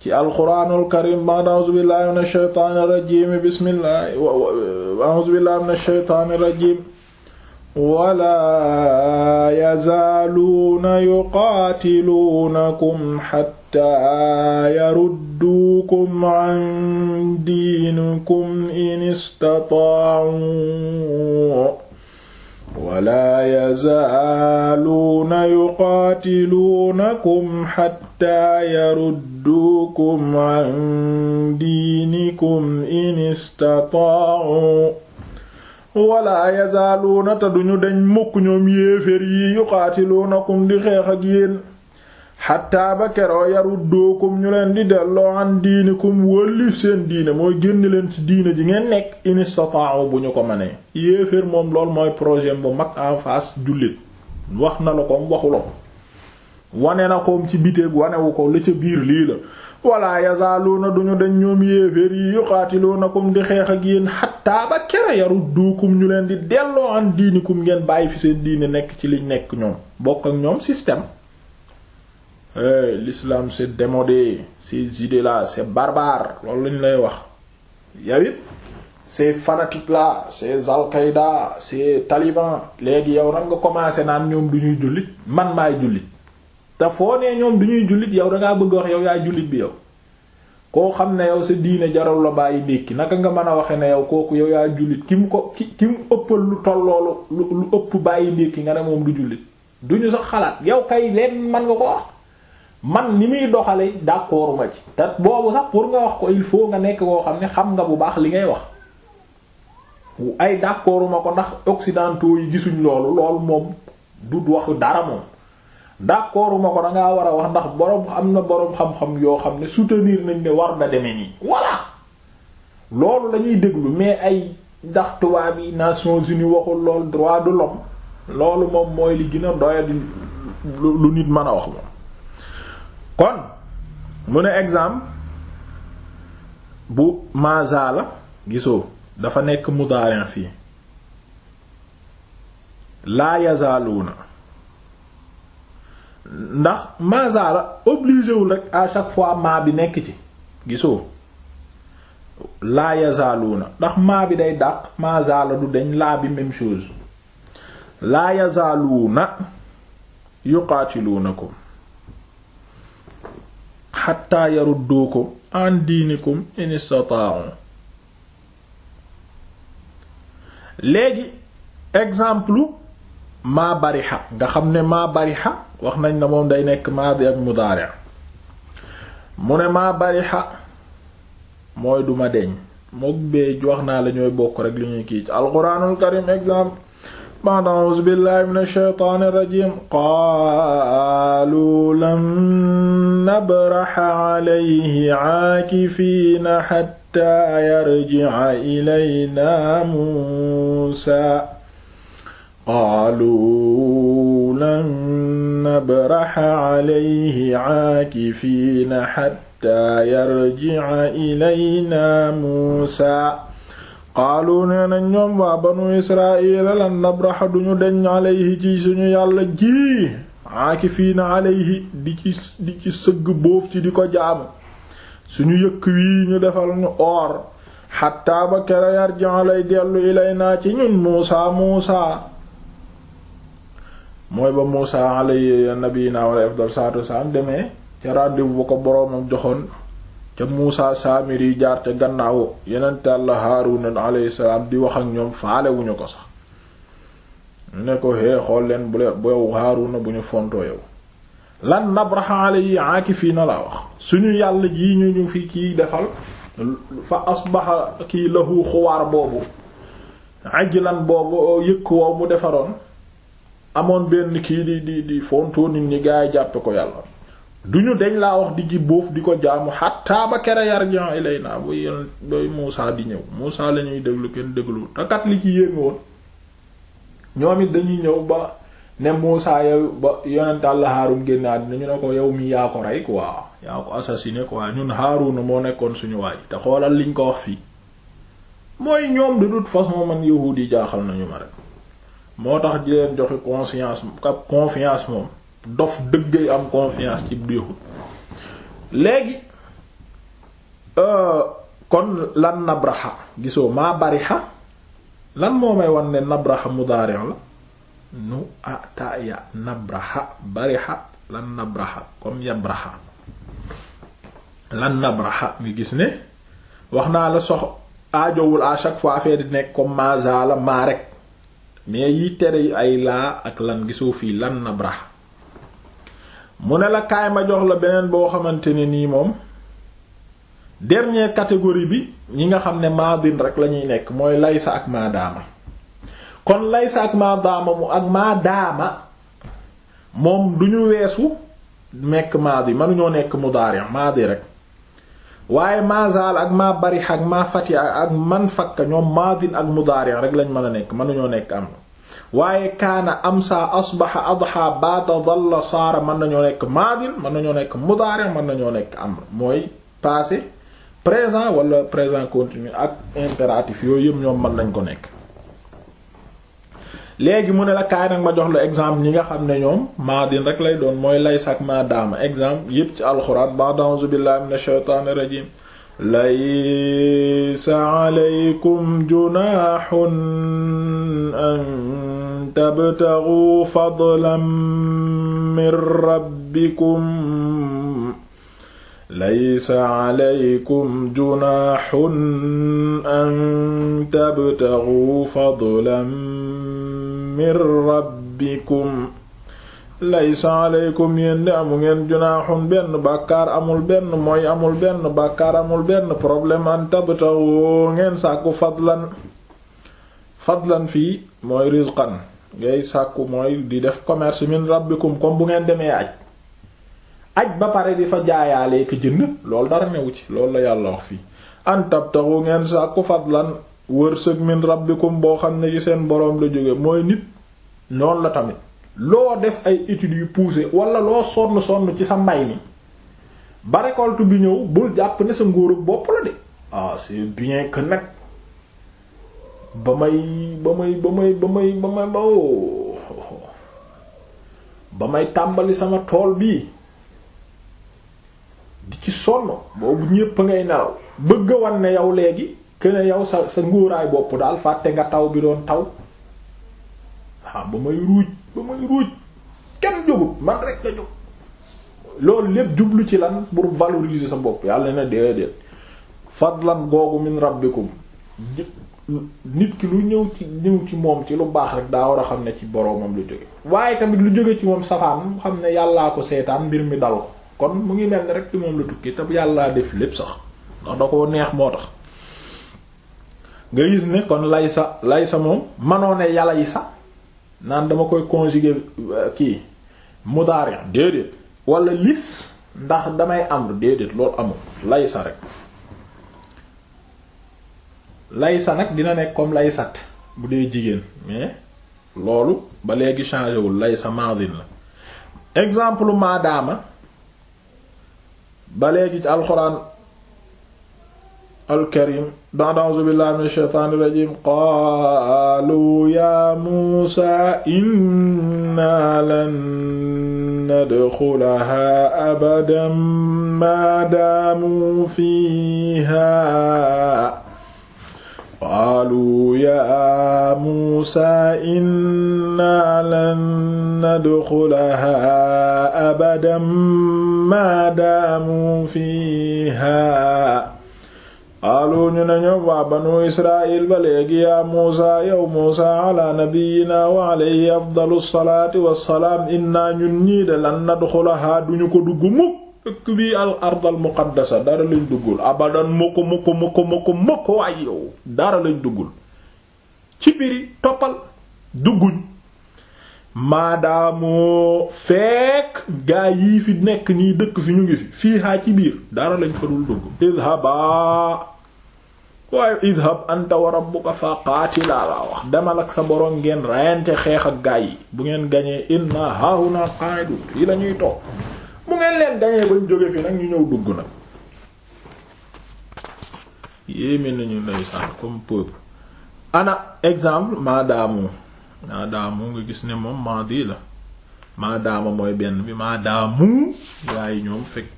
ci alquranul karim ba'd a'uuzu billahi minash shaytaanir rajiim bismillahi a'uuzu billahi minash shaytaanir rajiim wala yazaaluuna yuqaatiluunakum xatta yarudduukum an diinikum in istataa'uu wala yazaaluuna yuqaatiluunakum xatta yarudduukum يصدوكم عن diinikum in wala yazaaluuna te duñu deñ mukk ñoom yéeféer yi yuqaatiluunakum di xeex ak yéen xattaa ba keroo yarudduukum ñu leen di delloo an diinikum wëllif seen diine mooy génn leen ci diine ji ngeen nekk in bu ñu ko mënee yéeféer moom lool mooy projet bu mag en face jullit wax na la ko waxu la ko wane na koom ci biteeg wanewu ko la ca biir lii la wala yazaaluuna duñu de ñoom yéeféer yi na yuqaatiluunakum di xeex ak yéen xattaa ba kere yarudduukum ñu leen di delloo an diinikum ngeen bàyyi fi seen diini nekk ci liñ nekk ñoom bokk ak ñoom système eh, l'islam c'est démodé ces idées là c'est barbare loolu lañu lay wax yow it ces la là ces al-Qaïda léegi yow nag nga commencé naan ñoom du ñuy jullit man maay jullit te foo nee ñoom du ñuy jullit yow dangaa bëgg wax yow yaay jullit bi yow koo xam ne yow sa diine jaral la bàyyi ndékki naka nga mën a waxe ne yow kooku yow yaa jullit ki mu ko ki ki mu ëppal lu tolloolu lu ëpp bàyyi ndékki nga ne moom du jullit duñu sax xalaat yow kay leen man nga ko wax man ni muy doxale d'accord ma ci te boobu sax pour nga wax ko il faut nga nekk koo xam ne xam nga bu baax li ngay wax ay d'accord ko ndax occidentaux yi gisuñ loolu loolu moom du dara d'accord ma ko da war a wax ndax borom am na boroom xam-xam yoo xam ne soutenir nañ ne war na demee nii voilà loolu lañuy déglu mais ay ndax tubaab yi Nations Unies waxul lool droit de loolu moom mooy li gën a lu nit mën a wax moom kon mu ne exemple bu mazala gisoo dafa nekk mudaarin fii laa yazaaluuna ndax mazala obligé wul rek à chaque fois maa bi nekk ci gisoo laa na ndax maa bi day dàq mazala du deñ laa bi même chose laa yazaaluuna yuqaatiluunakum xatta yarudduukum ko diinikum in istata'u léegi exemple maa barixa nga xam ne maa barixa wax nañ la moom day nekk maadi ak mudaari mu ne maa barixa mooy duma deñ mook bee wax naa la ñooy bokk rek li ñuy kii ci alquranul karim exemple ba'd a'uuzu billahi minash shaytaanir rajiim qaalu lam nabraxa alayhi aakifiina xatta yarji'a ilayna muusaa qaalu lan nabraxa alayhi caakifiina xatta yarjica ilayna muusa qaalu nee na ñoom waa banu israila lan nabraxa duñu deñ alayhi ci suñu yàlla ji caakifiina alayhi di ci di ci sëgg bóof ci di ko jaamu suñu yëkk wii ñu defal ñu oor xatta ba kera yarjica lay dellu ilayna ci ñun muusa muusa mooy ba Muusa alayhi nabiyina wa afdal salaatu wasalaam demee ca rendez-vous ba ko boroomam joxoon ca Muusa yi jaar ca gannaaw yeneen Yàlla Haaruna alayhi di wax ak ñoom faalewuñu ko sax ñu ne ko hee leen bu yow Haaruna bu ñu fontoo yow lan nabraha alayhi aakifiina laa wax suñu yàlla ji ñu ñu fi kiy defal fa asbaha kii lahu xuwaar boobu ajlan boobu yëkk woo mu defaroon amoon benn kii di di di fontoo nit gaa yi jàppe ko yàlla du ñu dañ laa wax di ji bóof di ko jaamu xattaa ba kere yarji'u ilayna ba yén bay Muusaa di ñëw Muusaa lañuy ñuy déglu kenn déglu te li ci yéeme woon ñoom it dañuy ñëw ba ne Muusaa yow ba yonent Yàlla Haarun génn àddina ñu ne ko yow mi yaa ko rey quoi yaa ko assassiné quoi ñun Haaruna moo nekkoon suñu waay te xoolal liñ ko wax fii mooy ñoom de toute façon man yahuud yi jaaxal nañu moo tax di joxe conscience ab confiance moom dof dëggay am confiance ci déexut léegi euh, kon lan nabraxa gisoo maa barixa lan moo may wan ne nabraxa mudaari la nu ataya nabraxa barixa lan nabraxa comme yabraxa lan nabraxa nga gis ne wax naa la sox aajowul à chaque fois fee di nekk comme mazala maa rek mais yi tere yi ay laa ak lan gisoo fii lan na nabra mu ne la kaay ma jox la beneen boo xamante ne nii moom dernière catégorie bi ñi nga xam ne maadin rek lañuy nekk mooy laysa ak maadaama kon laysa ak maadaama mu ak maadaama moom du ñu weesu nekk maadi ñoo nekk mudaari maadi rek waaye mazaal ak ma bari ak ma fati ak man fakka ñoom maadin ak mudaari rek lañ mën a nekk mënuñoo nekk am waaye kaana amsa asbaxa adxa baata dalla saara mën nañoo nekk maadin mën nañoo nekk mudaari mën nañoo nekk am mooy passé présent wala présent continu ak impératif yooyu yëpp ñoom mën nañ ko nekk léegi mu ne la kaay nag jox la exemple ñi nga xam ne ñoom maadin rek lay doon mooy laysa ak maa daama exemple yépp ci alxuraan ba'da a'uuzu billahi minash shaytaanir rajiim laysa alaykum junaaxun an tabtagu fadlan min rabbikum laysa calaykum junaxun an tabtaxuu fadlan min rabbikum laysa alaykum yéen de amu ngeen junaaxun benn bàkkaar amul benn mooy amul benn bàkkaar amul benn problème an tabtaxu ngeen sàkku fadlan fadlan fii mooy rizqan ngay sàkku mooy di def commerce min rabbikum comme bu ngeen demee aj aj ba pare di fa jaayaale ko jënd loolu dara newu ci loolu la yàlla wax fii antab taxu ngeen sàkku fadlan wërsëg min rabbikum boo xam ne ci seen boroom la jóge mooy nit noonu la tamit loo def ay études yu poussé wala loo sonn sonn ci sa mbay mi ba récolte bi ñëw bul jàpp ne sa ngóoru bopp la de ah c'est bien que nag ba may ba may ba may ba may ba may ba may oh, tàmbali sama tool bii di ci sonn boobu ñépp ngay nelaw bëgg a wan ne yow léegi que ne yow sa sa ngóoraay bopp daal fàtte nga taw bi doon taw ah ba may ruuj ba may ruuj kenn jógut man rek nga jóg loolu lépp jublu ci lan pour valorise sa bopp yàlla na déedéet fadlan googu min rabbikum nit ki lu ñëw ci ñëw ci moom ci lu baax rek daa war a xam ne ci boroomam lu jóge waaye tamit lu jóge ci moom safaan xam ne yàllaa ko seetaan mbir mi dal ko kon mu ngi mel rek ci moom lu tukki te yàllaa def lépp sax ndax da neex moo tax nga gis ne kon lay sa lay sa moom manoon ne yàlla yi sax naan dama koy conjuguer euh, kii mudaari wala lis damay am déedéet loolu amul lay sa rek lay sa nag dina nekk comme lay sat bu dee jigéen mais loolu ba léegi changé wul lay sa maadin la exemple maadaama ba léegi ci alxuraan alkarim ba'da a'uuzu billahi mina shaytaani rajiim qaalu yaa muusaa innaa lan nadxulahaa abadan maa daamuu fiihaa qaalu ya muusa inna lan nadxulaha abadan maa daamu fiiha qaalu ñu ne ñoom waa banu israil ba léegi ya muusa yow muusa ala nabiyina wa alayhi afdalu salaati wassalaam inna ñun ñii de lan nadxulaha duñu ko dugg mukk dëkk bi al ardal muqaddasa dara lañ duggul abadan mukk mukk mukk mukk mukk waay yow dara lañ duggul ci biri toppal dugguñ maadaamoo fekk gaa yii fi nekk nii dëkk fi ñu ngi fi fii ci biir dara lañ fa dul dugg idhabaa waaye idhab anta wa rabbuka fa qaatilaa laa wax demal ak sa boroom ngeen reyante xeex ak gaa yi bu ngeen gañee inna haahuna qa'idun fii lañuy toog ngeen leen dañee bañ jóge fi nag ñu ñëw dugg nag yéeme nañu lay sax comme peuple ana exemple maadaamu maadaamu nga gis ne moom maadi la maadaama mooy benn bi maadaamu waaye ñoom fekk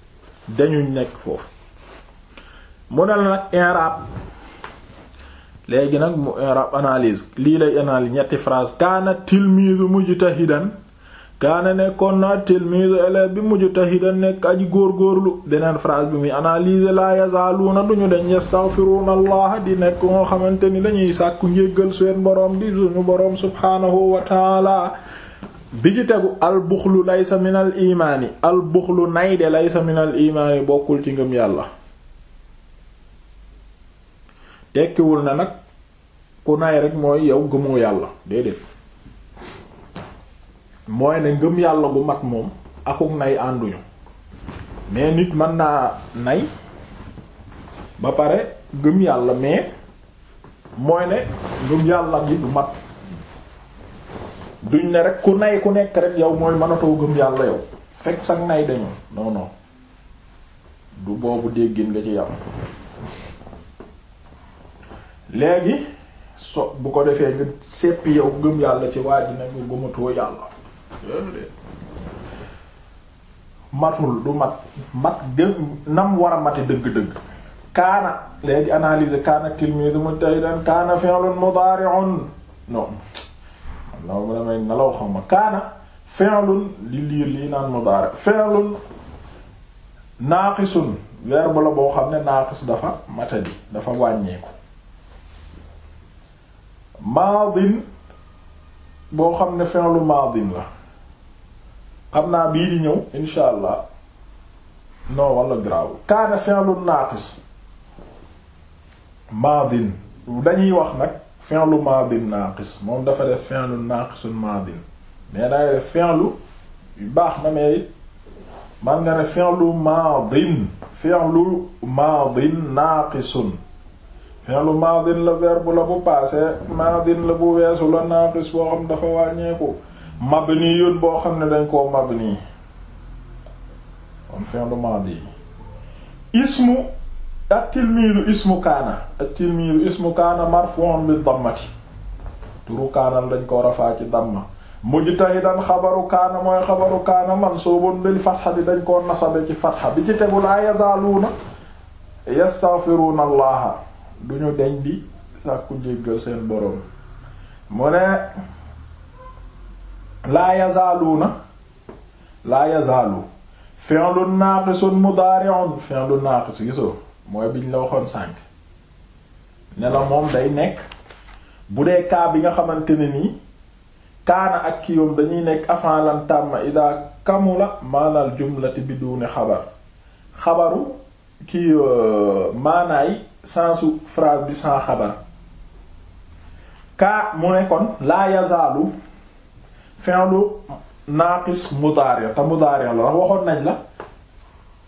dañu nekk foofu mu ne nag inrab léegi nag mu inrab analyse lii lay analyse ñetti phrase kaana tilmizu mujtahidan kaana nekkoon na tilmise élève bi mujj mujtahidan nekk góor góorlu beneen phrase bi muy analyser la yazaaluuna duñu dañ yastaghfiruuna allaha di nekk moo xamante ni lañuy sàkk njéggal seen boroom di suñu boroom subhaanahu wa taala bi ci tegu albuxlu laysa min al imaani albuxlu nayde laysa min al imaani bokkul ci ngëm yàlla tekkiwul na nag ku nay rek mooy yow gëmoo yàlla déedéet mooy ne ngëm yàlla bu mat moom akuk nay ànduñu mais nit mën naa nay ba pare ngëm yàlla mais mooy ne ngëm yàlla gi du mat duñ ne rek ku nay ku nekk rek yow mooy mënatoo gëm yàlla yow fekk sax nay dañu non non du boobu déggin nga ci yàlla léegi so bu ko defee nga seppi yow gëm yàlla ci waa ji ne nga gëmatoo yàlla matul du mat mat gën nam war a mate dëgg-dëgg kaana léegi analyser kaana tilmise mujtahidan kaana fi'lun mudari'un non non ma damay nelaw xam ma kaana fi'lun li liir lii naan mudari' fi'lun naaqisun verbe la boo xam ne naaqis dafa matadi dafa wàññeeku maadin boo xam ne fi'lu maadin la xam naa bi di ñëw insha allah non wala graw kaana fi'lun naaqis maadin dañuy wax nag fi'lu maadin naaqis moom dafa def fi'lu naaqisun maadin mais dangay def fi'lu baax na mais man nga ne fi'lu maadin fi'lu maadin naaqisun fi'lu maadin la verbe la bu passé maadin la bu weesu la naaqis boo xam dafa wàññeeku mabni yun boo xam ne dañ koo mabni kon fin du madi ismu at-tilmiidu ismu kaana at-tilmiidu ismu kaana marfu'un bi dammati turu kaanal dañ ko rafaa ci damma mujtahidan xabaru kaana mooy xabaru kaana mansuubun bil fatha di dañ koo nasabe ci fatha bi ci tegu laa yazaaluuna yastaghfiruuna allaha duñu deñ di sàkku jéggal seen boroom mu ne laa na laa yazaalu fi'lun naaqisun mudaari'un fi'lun si gisoo mooy biñ la waxoon sànq ne la moom day nekk bu dee kaa bi nga xamante ni nii kaana ak kiyoom dañuy nekk afan lan tàmm ida kamula maanaal bi duuni xabar xabaru ki euh, maanaay sensu phrase bi sans xabar kaa mu ne laa yazaalu fi'lu naaqis mudaari te mudaari la ndax waxoon nañ la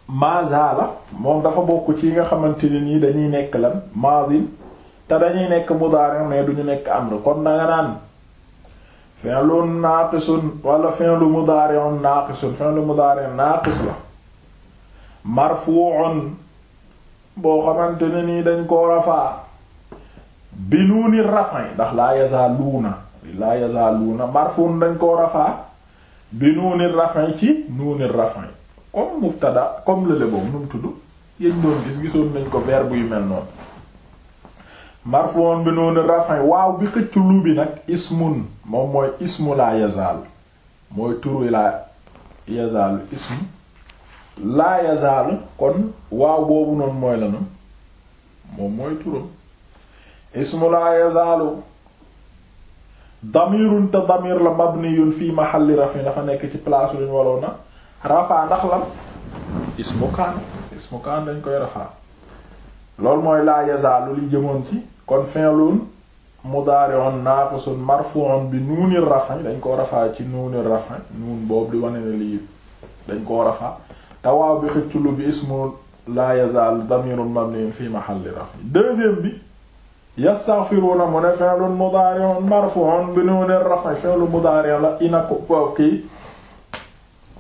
mazala moom dafa bokk ci nga xamante ne nii dañuy nekk lan maadin te dañuy nekk mudaari mais duñu nekk amr kon na nga naan walla naaqisun wala fi'lu mudaari'un naaqisun fi'lu mudaari'un naaqis la marfu'un boo xamante nii dañ koo rafaa bi nuuni rafay ndax laa yazaaluuna laa yazaaluuna marfuun dañ koo rafaa bi nuunil rafin ci nuunil rafin comme mubtada comme lële nu mu tudd yéen gis gisoon nañ ko verbe yu mel noonu marfuun bi nuunil rafin waaw bi xëcc lu bi nag ismun moom mooy ismu laa yazaal mooy turu laa yazaal ismu laa yazaal kon waaw boobu noonu mooy lanu moom mooy turam ismu laa yazaalu damirun te damir la mabniyun fii mahalli rafin dafa nekk ci place luñ waroon a rafaa ndax lam ismu kaan ismu kaan dañ koy rafaa loolu mooy laa yazaalu li jëmoon ci kon fi'lun mudaari'un naaqisun marfu'un bi nuuni rafin dañ koo rafaa ci nuuni rafin nuun boobu di wane ne lii dañ koo rafaa te waaw bi xëcculu bi ismu laa yazaalu damirun mabniyun fii mahalli rafin deuxième bi yastaghfiruna mu ne fi'lun mudari'un marfu'un bi nuuni raf'i fi'lu mudari' la ina ko kii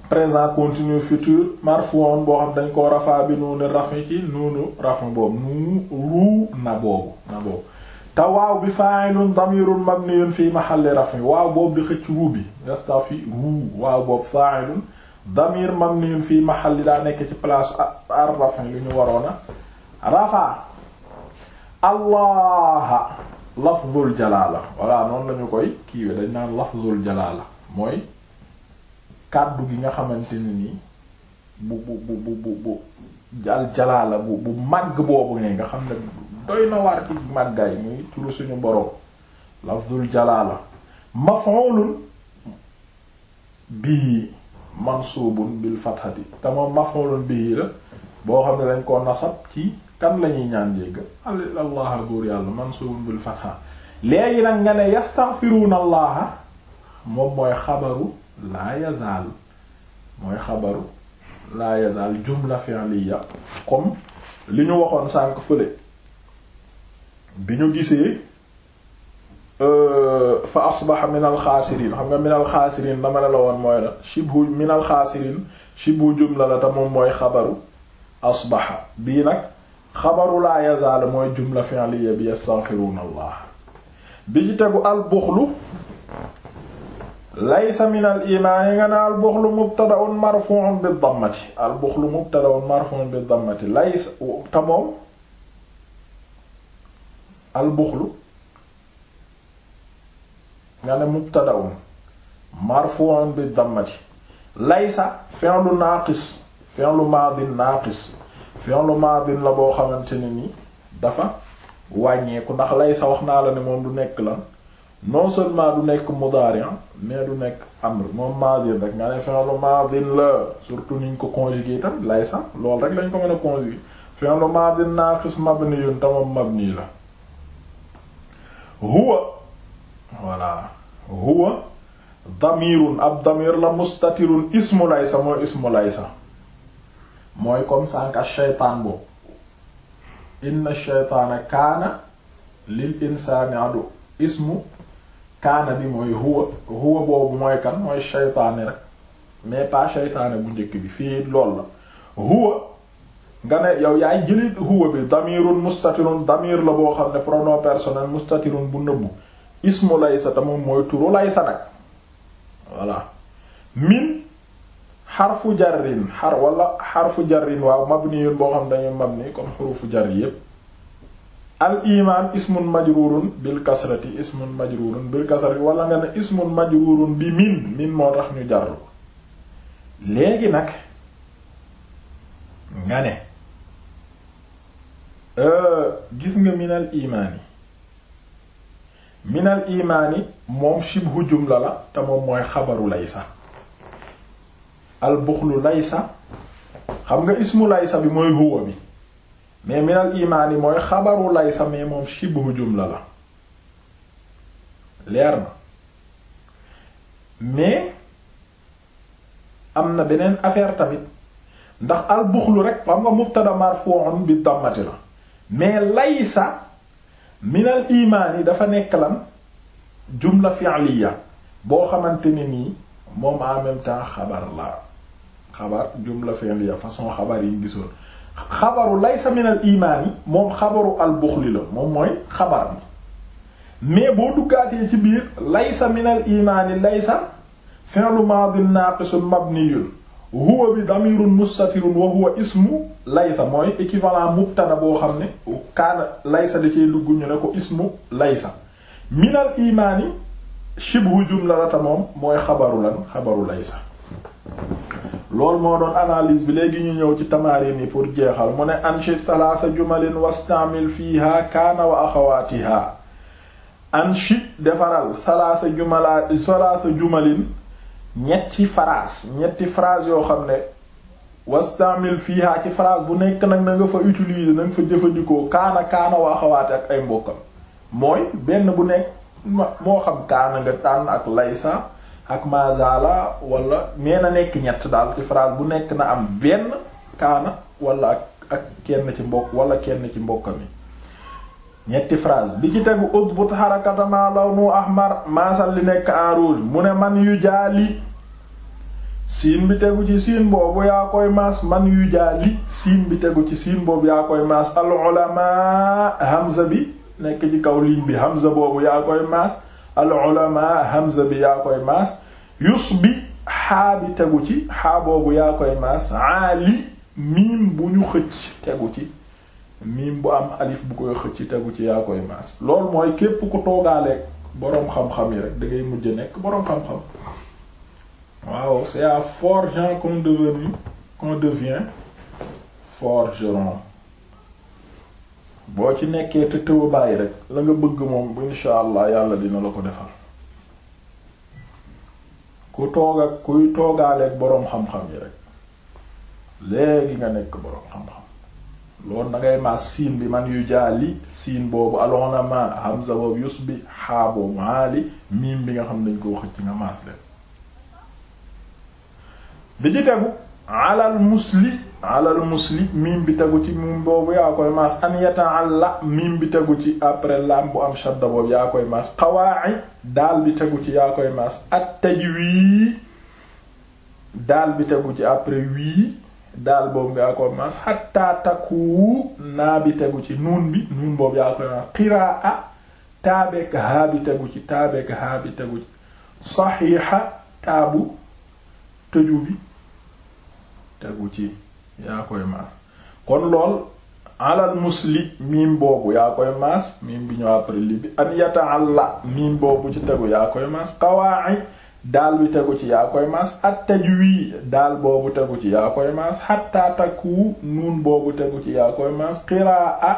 présent continu futur marfu'un boo xam dañ ko rafaa bi nuuni raf'i ci nuunu raf'i boobu nuu ruu na boobu na boobu te waaw bi fa'ilun damirun mabniyun fi mahalli raf'i waaw boobu di xëcc ruu bi yastaghfiru waaw boobu fa'ilun damir mabniyun fi mahalli daa nekk ci place ar raf'i lu ñu waroona rafaa allah lafzul jalaala walla noonu lañu koy kiiwe dañ naan lafzul jalaala mooy kàddu gi nga xamante ne nii bu bu bu bu bu al jalaala bu bu màgg boobu ne nga xam ne doy na waar ci màggaay muy turu suñu boroom lafzul jalaala maf'ulun bihi mansuubun bil fathati te moom maf'ulun bihi la boo xam ne dañ ko nasab ci kan lañuy ñaan jéggal allah góor yàlla mansuubun bil fatha léegi nag nga ne yastaghfiruna allah moom mooy xabaru laa yazaal mooy xabaru laa yazaal jumla fi'liya comme li ñu waxoon sànq fële bi ñu gisee euh, fa asbaha min alxaasiriin xam nga min alxaasiriin dama ne la woon mooy la shibhu min alxaasiriin shibhu jumla la te mooy xabaru asbaha bii nag xabaru laa yazaal mooy jumla fi'liya bi yastaghfiruna allah bi ci tegu al buxlu laysa min al imaan nga ne al buxlu mubtada'un marfu'un bi dammati al buxlu mubtada'un marfu'un bi dammati laysa te moom al buxlu nga ne mubtada'un marfu'un bi dammati laysa fi'lu naaqis fi'lu maadin naaqis fi'lu maadin la boo xamante ne ni dafa wàññeeku ndax laysa wax naa la ne moom du nekk la non seulement du nekk mudaari' mais du nekk am moom maadin rek nga ne fi'lu maadin la surtout niñ ko conjugué tam laysa loolu rek lañ ko mën a conjugué fi'lu maadin naaqis mabniyun tamam mabni la huwa voilà huwa damirun ab damir la mustatirun ismu laysa mooy ismu laysa mooy comme sànq ak shaytaan boobu inna shaytaana kaana lil insaani adu ismu kaana bi mooy huwa huwa boobu mooy kan mooy shaytaane rek mais pas shaytaane bu njëkk bi fii lool la huwa nga ne yow yaay jëli huwa bi damirun mustatirun damir la boo xam ne pronom personnel mustatirun bu nëbbu ismu laysa tamam mooy turu laysa nag voilà min xarfu jarrin xar xarfu jarrin waaw mabniyun boo xam dañuy mabni comme xurufu jar yépp al iman majrurun bil kasrati ismun majrurun bil kasrati wala nga ne ismun majrurun bi min min moo tax ñu jar ko léegi nag nga ne euh, gis nga minal imaani minal imaani moom shibhu jumla la te moom mooy xabaru lay sax al buxlu laysa xam nga ismu laysa bi mooy huwa bi mais minal imaan yi mooy xabaru laysa mais moom shibhu jumla la leer na mais am na beneen affaire tamit ndax al buxlu rek xam nga mubtada marfu'un bi dammati la mais laysa minal imaan yi dafa nekk lan jumla fi'liya boo xamante ni nii moom en même temps xabar la xabar jumla fi'liya façon xabar yi ñu gisoon xabaru laysa min al yi moom xabaru al moom mooy xabar bi mais boo duggaatee ci biir laysa min al imaan yi laysa fi'lu maadin naaqisun mabniyun huwa bi damirun mustatirun wa huwa ismu laysa mooy équivalent mubtada boo xam ne kaana laysa da cee dugg ne ko ismu laysa min al imaan yi jumla la ta moom mooy xabaru lan xabaru laysa lool moo doon analyse bi léegi ñu ñëw ci tamarin yi pour jeexal mu ne anshid salaasa jumalin wastamil fiiha kaana wa axawaatiha anshid defaral salaasa jumala salaasa jumalin ñetti phrase ñetti phrase yoo xam ne wastamil fiiha ci phrase bu nekk nag na nga fa utiliser na nga fa jëfandikoo kaana kaana wa axawaati ak ay mbokkam mooy benn bu nekk moo xam kaana nga tànn ak laysa ak mazala wala mais nekk ñett daal ci phrase bu nekk na am benn kaana wala ak ak kenn ci mbokk wala kenn ci mbokka mi ñetti phrase bi ci tegu udbut xarakatama law nu ahmar maasal li nekk en mu ne man yu jaali siin bi tegu ci siin boobu yaa koy maas man yu jaali siin bi tegu ci siin boobu yaa koy maas al ulama hamza bi nekk ci kaw ligne bi hamza boobu yaa koy maas al ulama hamza bi yaa koy maas yusbi xaa bi tegu ci xaa bu yaa koy maas aali miim bu ñu xëcc tegu ci miin bu am alif bu koy xëcc tegu ci yaa koy maas loolu mooy képp ku toogaaleeg boroom xam-xam yi rek da ngay mujj nekk boroom xam-xam waaw c'est à forgeant qu'on devenu qu'on devient forgeron boo ci nekkee te tëw bàyyi rek la nga bëgg moom insha allah yàlla dina la ko defal ku toog kuy toogaaleeg boroom xam-xam yi rek léegi nga nekk boroom xam-xam loolu da ngay maas siin bi man yu jaali siin boobu alona ma hamza boobu yus bi xaabo maali miim bi nga xam dañ ko xëcc nga maas leen bi ci tegu alal musli alal muslim miim bi tegu ci miim boobu yaa koy maas an yata'alla miim bi tegu ci après lam am shadda yaa koy maas qawaa'i daal bi tegu ci yaa koy maas at tajwii daal bi tegu ci wii daal boobu yaa koy maas hatta takuu naa bi tegu nuun bi nuun boobu yaa koy maas qiraa taabeek haa bi tegu taabeek haa bi tegu ci taabu tëju bi ci yaa koy maas kon lool alal musli miim boobu yaa koy maas miim bi ñu après li bi an yataalla miim boobu ci tegu yaa koy maas qawa'i daal bi tegu ci yaa koy maas at tajwi daal boobu tegu ci yaa koy maas hatta takku nuun boobu tegu ci yaa koy maas qiraa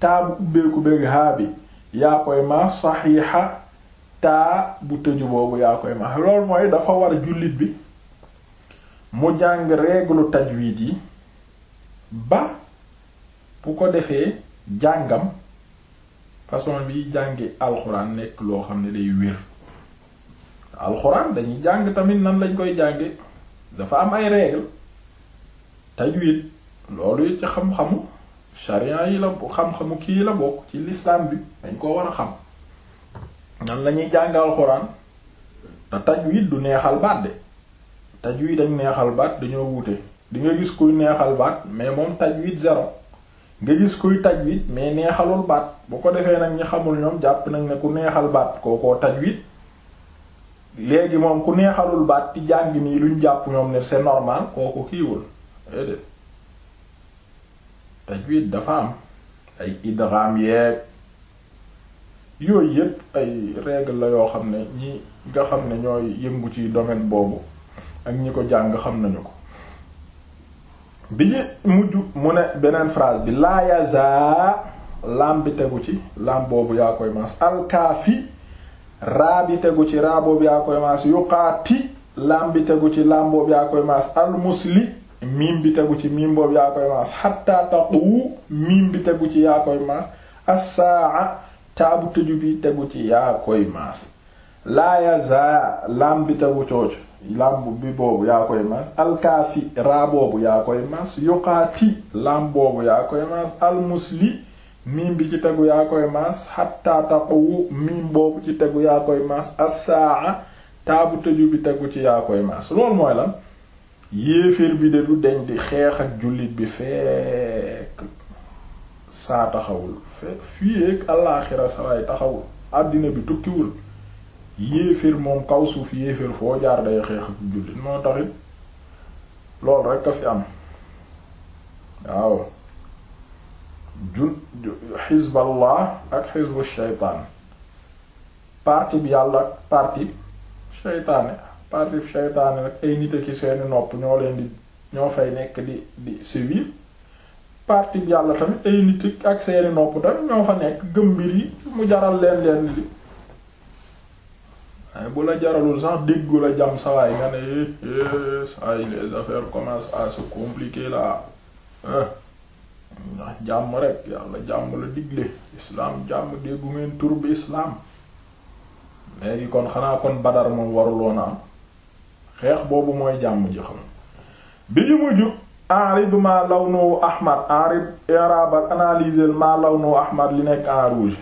taabu ubbeeku beeg haabi yaa koy maas saxiixa taa bu tëju boobu yaa koy maas loolu mooy dafa war jullit bi mu jàng règle tajwid yi ba bu ko defee jàngam façon bi jàngi alxuraan nekk loo xam ne day wér alxuraan dañuy jàng tamit nan lañ koy jànge dafa am ay règle tajwid loolu yi ci xam-xamu sharia yi la xam-xamu kii la bokk ci l'islam bi dañ koo war a xam nan lañuy jàng alxuraan te du neexal baat tajwid ak neexal baat dañoo wuute di gis kuy neexal baat mais moom tajwid zéro nga gis kuy tajwid mais neexalul baat bu ko defee nag ñi xamul ñoom jàpp nag ne ku neexal baat kookoo tajwid léegi moom ku neexalul baat ci jàng nii luñ jàpp ñoom ne c'est normal kooku kiiwul déedéet tajwid dafa am ay idgham yeeg yooyu yépp ay règle la yoo xam ne ñi nga xam ne ñooy yëngu ci domaine boobu ak ñi ko jàng xam nañu ko bi ñu mujj mu ne beneen phrase bi laa yazaa laam bi tegu ci laam boobu yaa koy maas alkaafi raa bi tegu ci raa boobu yaa koy maas yuqaati laam bi tegu ci laam boobu yaa koy maas almusli miim bi tegu ci miim boobu yaa koy maas xatta taqu miim bi tegu ci yaa koy maas assaa taabu tëju bi tegu ci yaa koy maas laa yazaa laam bi tegu coocu lam bi boobu yaa koy mas alkaafi raa boobu yaa koy mas yuqaati lam boobu yaa koy mas almusli miim bi ci tegu yaa koy mas xatta taqawu miim boobu ci tegu yaa koy mas assaa taabu tëju bi tegu ci yaa koy mas loolu mooy lan yéeféer bi de du deñ di xeex ak jullit bi fekk saa taxawul fekk fii ak alaaxira sawaay taxawul àddina bi tukkiwul yéeféer moom kaw suuf yéeféer foo jaar day xeex ak jullit moo taxit loolu rekk a fi am waaw jul xizballah ak xizbu shaytaan parti bi yàlla ak parti shaytaane parti bi shaytaane nag ay nit ki seeni nopp ñoo leen di ñoo fay nekk di di sévir parti bi yàlla tamit ay nit ak seeni nopp tamit ñoo fa nekk gëm mbir yi mu jaral leen leen li bu la jaralul sax déggu la jàmm sawaay nga ne eh, eh, saay les affaires commencent à se compliquer là eh, jàmm rek yàlla jàmm la digle islaam jàmm déggu ngeen tur bi islaam léegi kon xanaa kon badar moom waruloon xeex boobu mooy jàmm ji xam bi ñu mujj enrib ma law nu ahmar enrib irabal analyser ma law nu ahmar li nekk en rouge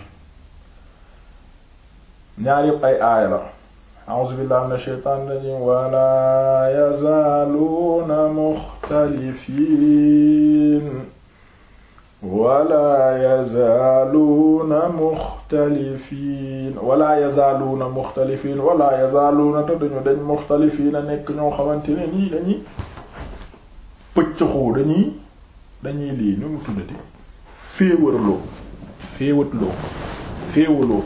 ñaar yëpp ay aaya la a'uuzu billahi mina shaytaani rajiim walaa yazaaluuna muxtalifiin walaa yazaaluuna muxtalifiin walaa yazaaluuna muxtalifiin walaa yazaaluuna te duñu dañ muxtalifiin a nekk ñoo xamante ne nii dañuy pëccëxoo dañuy dañuy lii nu mu tuddati féewarloo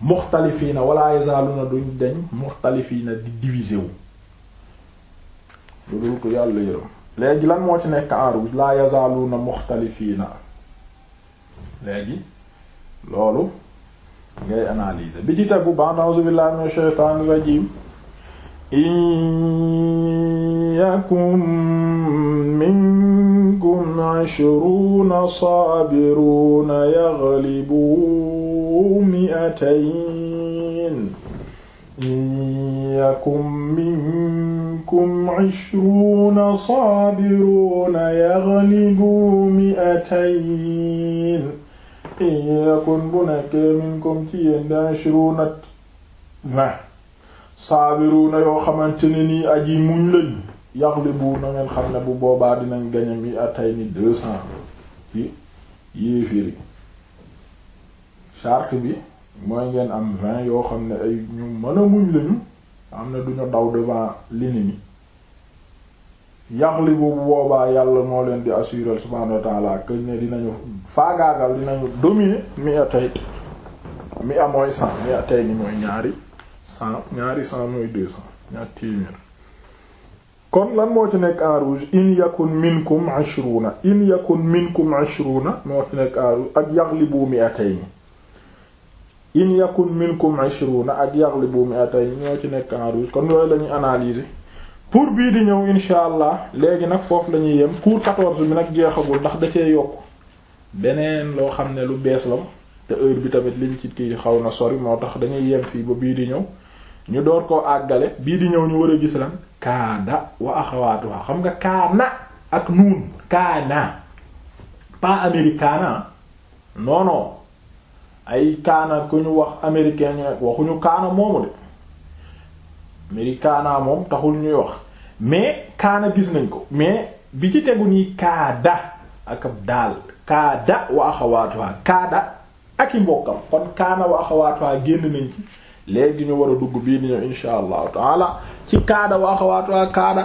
muxtalifiina wala yazaaluna duñ deñ muxtalifiina di divisé lu dul ko yàlla yërëm léegi lan moo ci nekk en rouge laa yazaaluna muxtalifiina léegi loolu ngay analyser bi ci tegu ba'da a'uuzu billaahi mina shaytaani rajiim in yakum minkum ishruuna saabiruuna yaghlibuun mi'atayn in yakum minkum ishruuna saabiruuna yaghlibu in yakun bu nekkee minkum ci yéen da yoo xamante ni nii aji muñ lañ yaghlibu na xam ne bu boobaa dinañ gañe mi'atayn deux cents charte bi mooy ngeen am vingt yoo xam ne ay ñu mën a muñ lañu am na duñu daw devant l'ennemi yaxli bu boobaa yàlla moo leen di assurer subhaanahu wa ta'ala que ne dinañu faagaagal dinañu dominer mi a tey mi a mooy cent mi a tey ni mooy ñaari cent ñaari mooy deux cent ñaar téeméer kon lan moo ci nekk en rouge in yakun minkum ashruna in yakun minkum ashruna moo ci nekk en rouge ak yaxli bu mi a tey ni in yakun minkum na ak yaghlibu mi'atayn ñoo ci nekk en rouge kon yooyu lañuy analyser pour bii di ñëw insha allah léegi nag foofu lañuy ñuy yem pour 14 bi nag jeexagul ndax da cee yokk beneen loo xam ne lu bees la te heure bi tamit liñ ci kii xaw na sori moo tax dañuy yem fii ba bii di ñëw ñu door ko àggale bii di ñëw ñu war a gis lan kaada wa axawaatuha xam nga kaana ak nuun kaana pas américain non ay kaana ku ñu wax américain waxuñu kaana moomu de mais kaana moom taxul ñuy wax mais kaana gis nañ ko mais bi ci tegu nii kaada ak ab daal kaada wa axawaatuha kaada ak i mbokkam kon kaana wa axawaatuha génn nañ ci léegi ñu war a dugg bii nii insha allahu taala ci kaada wa axawaatuha kaada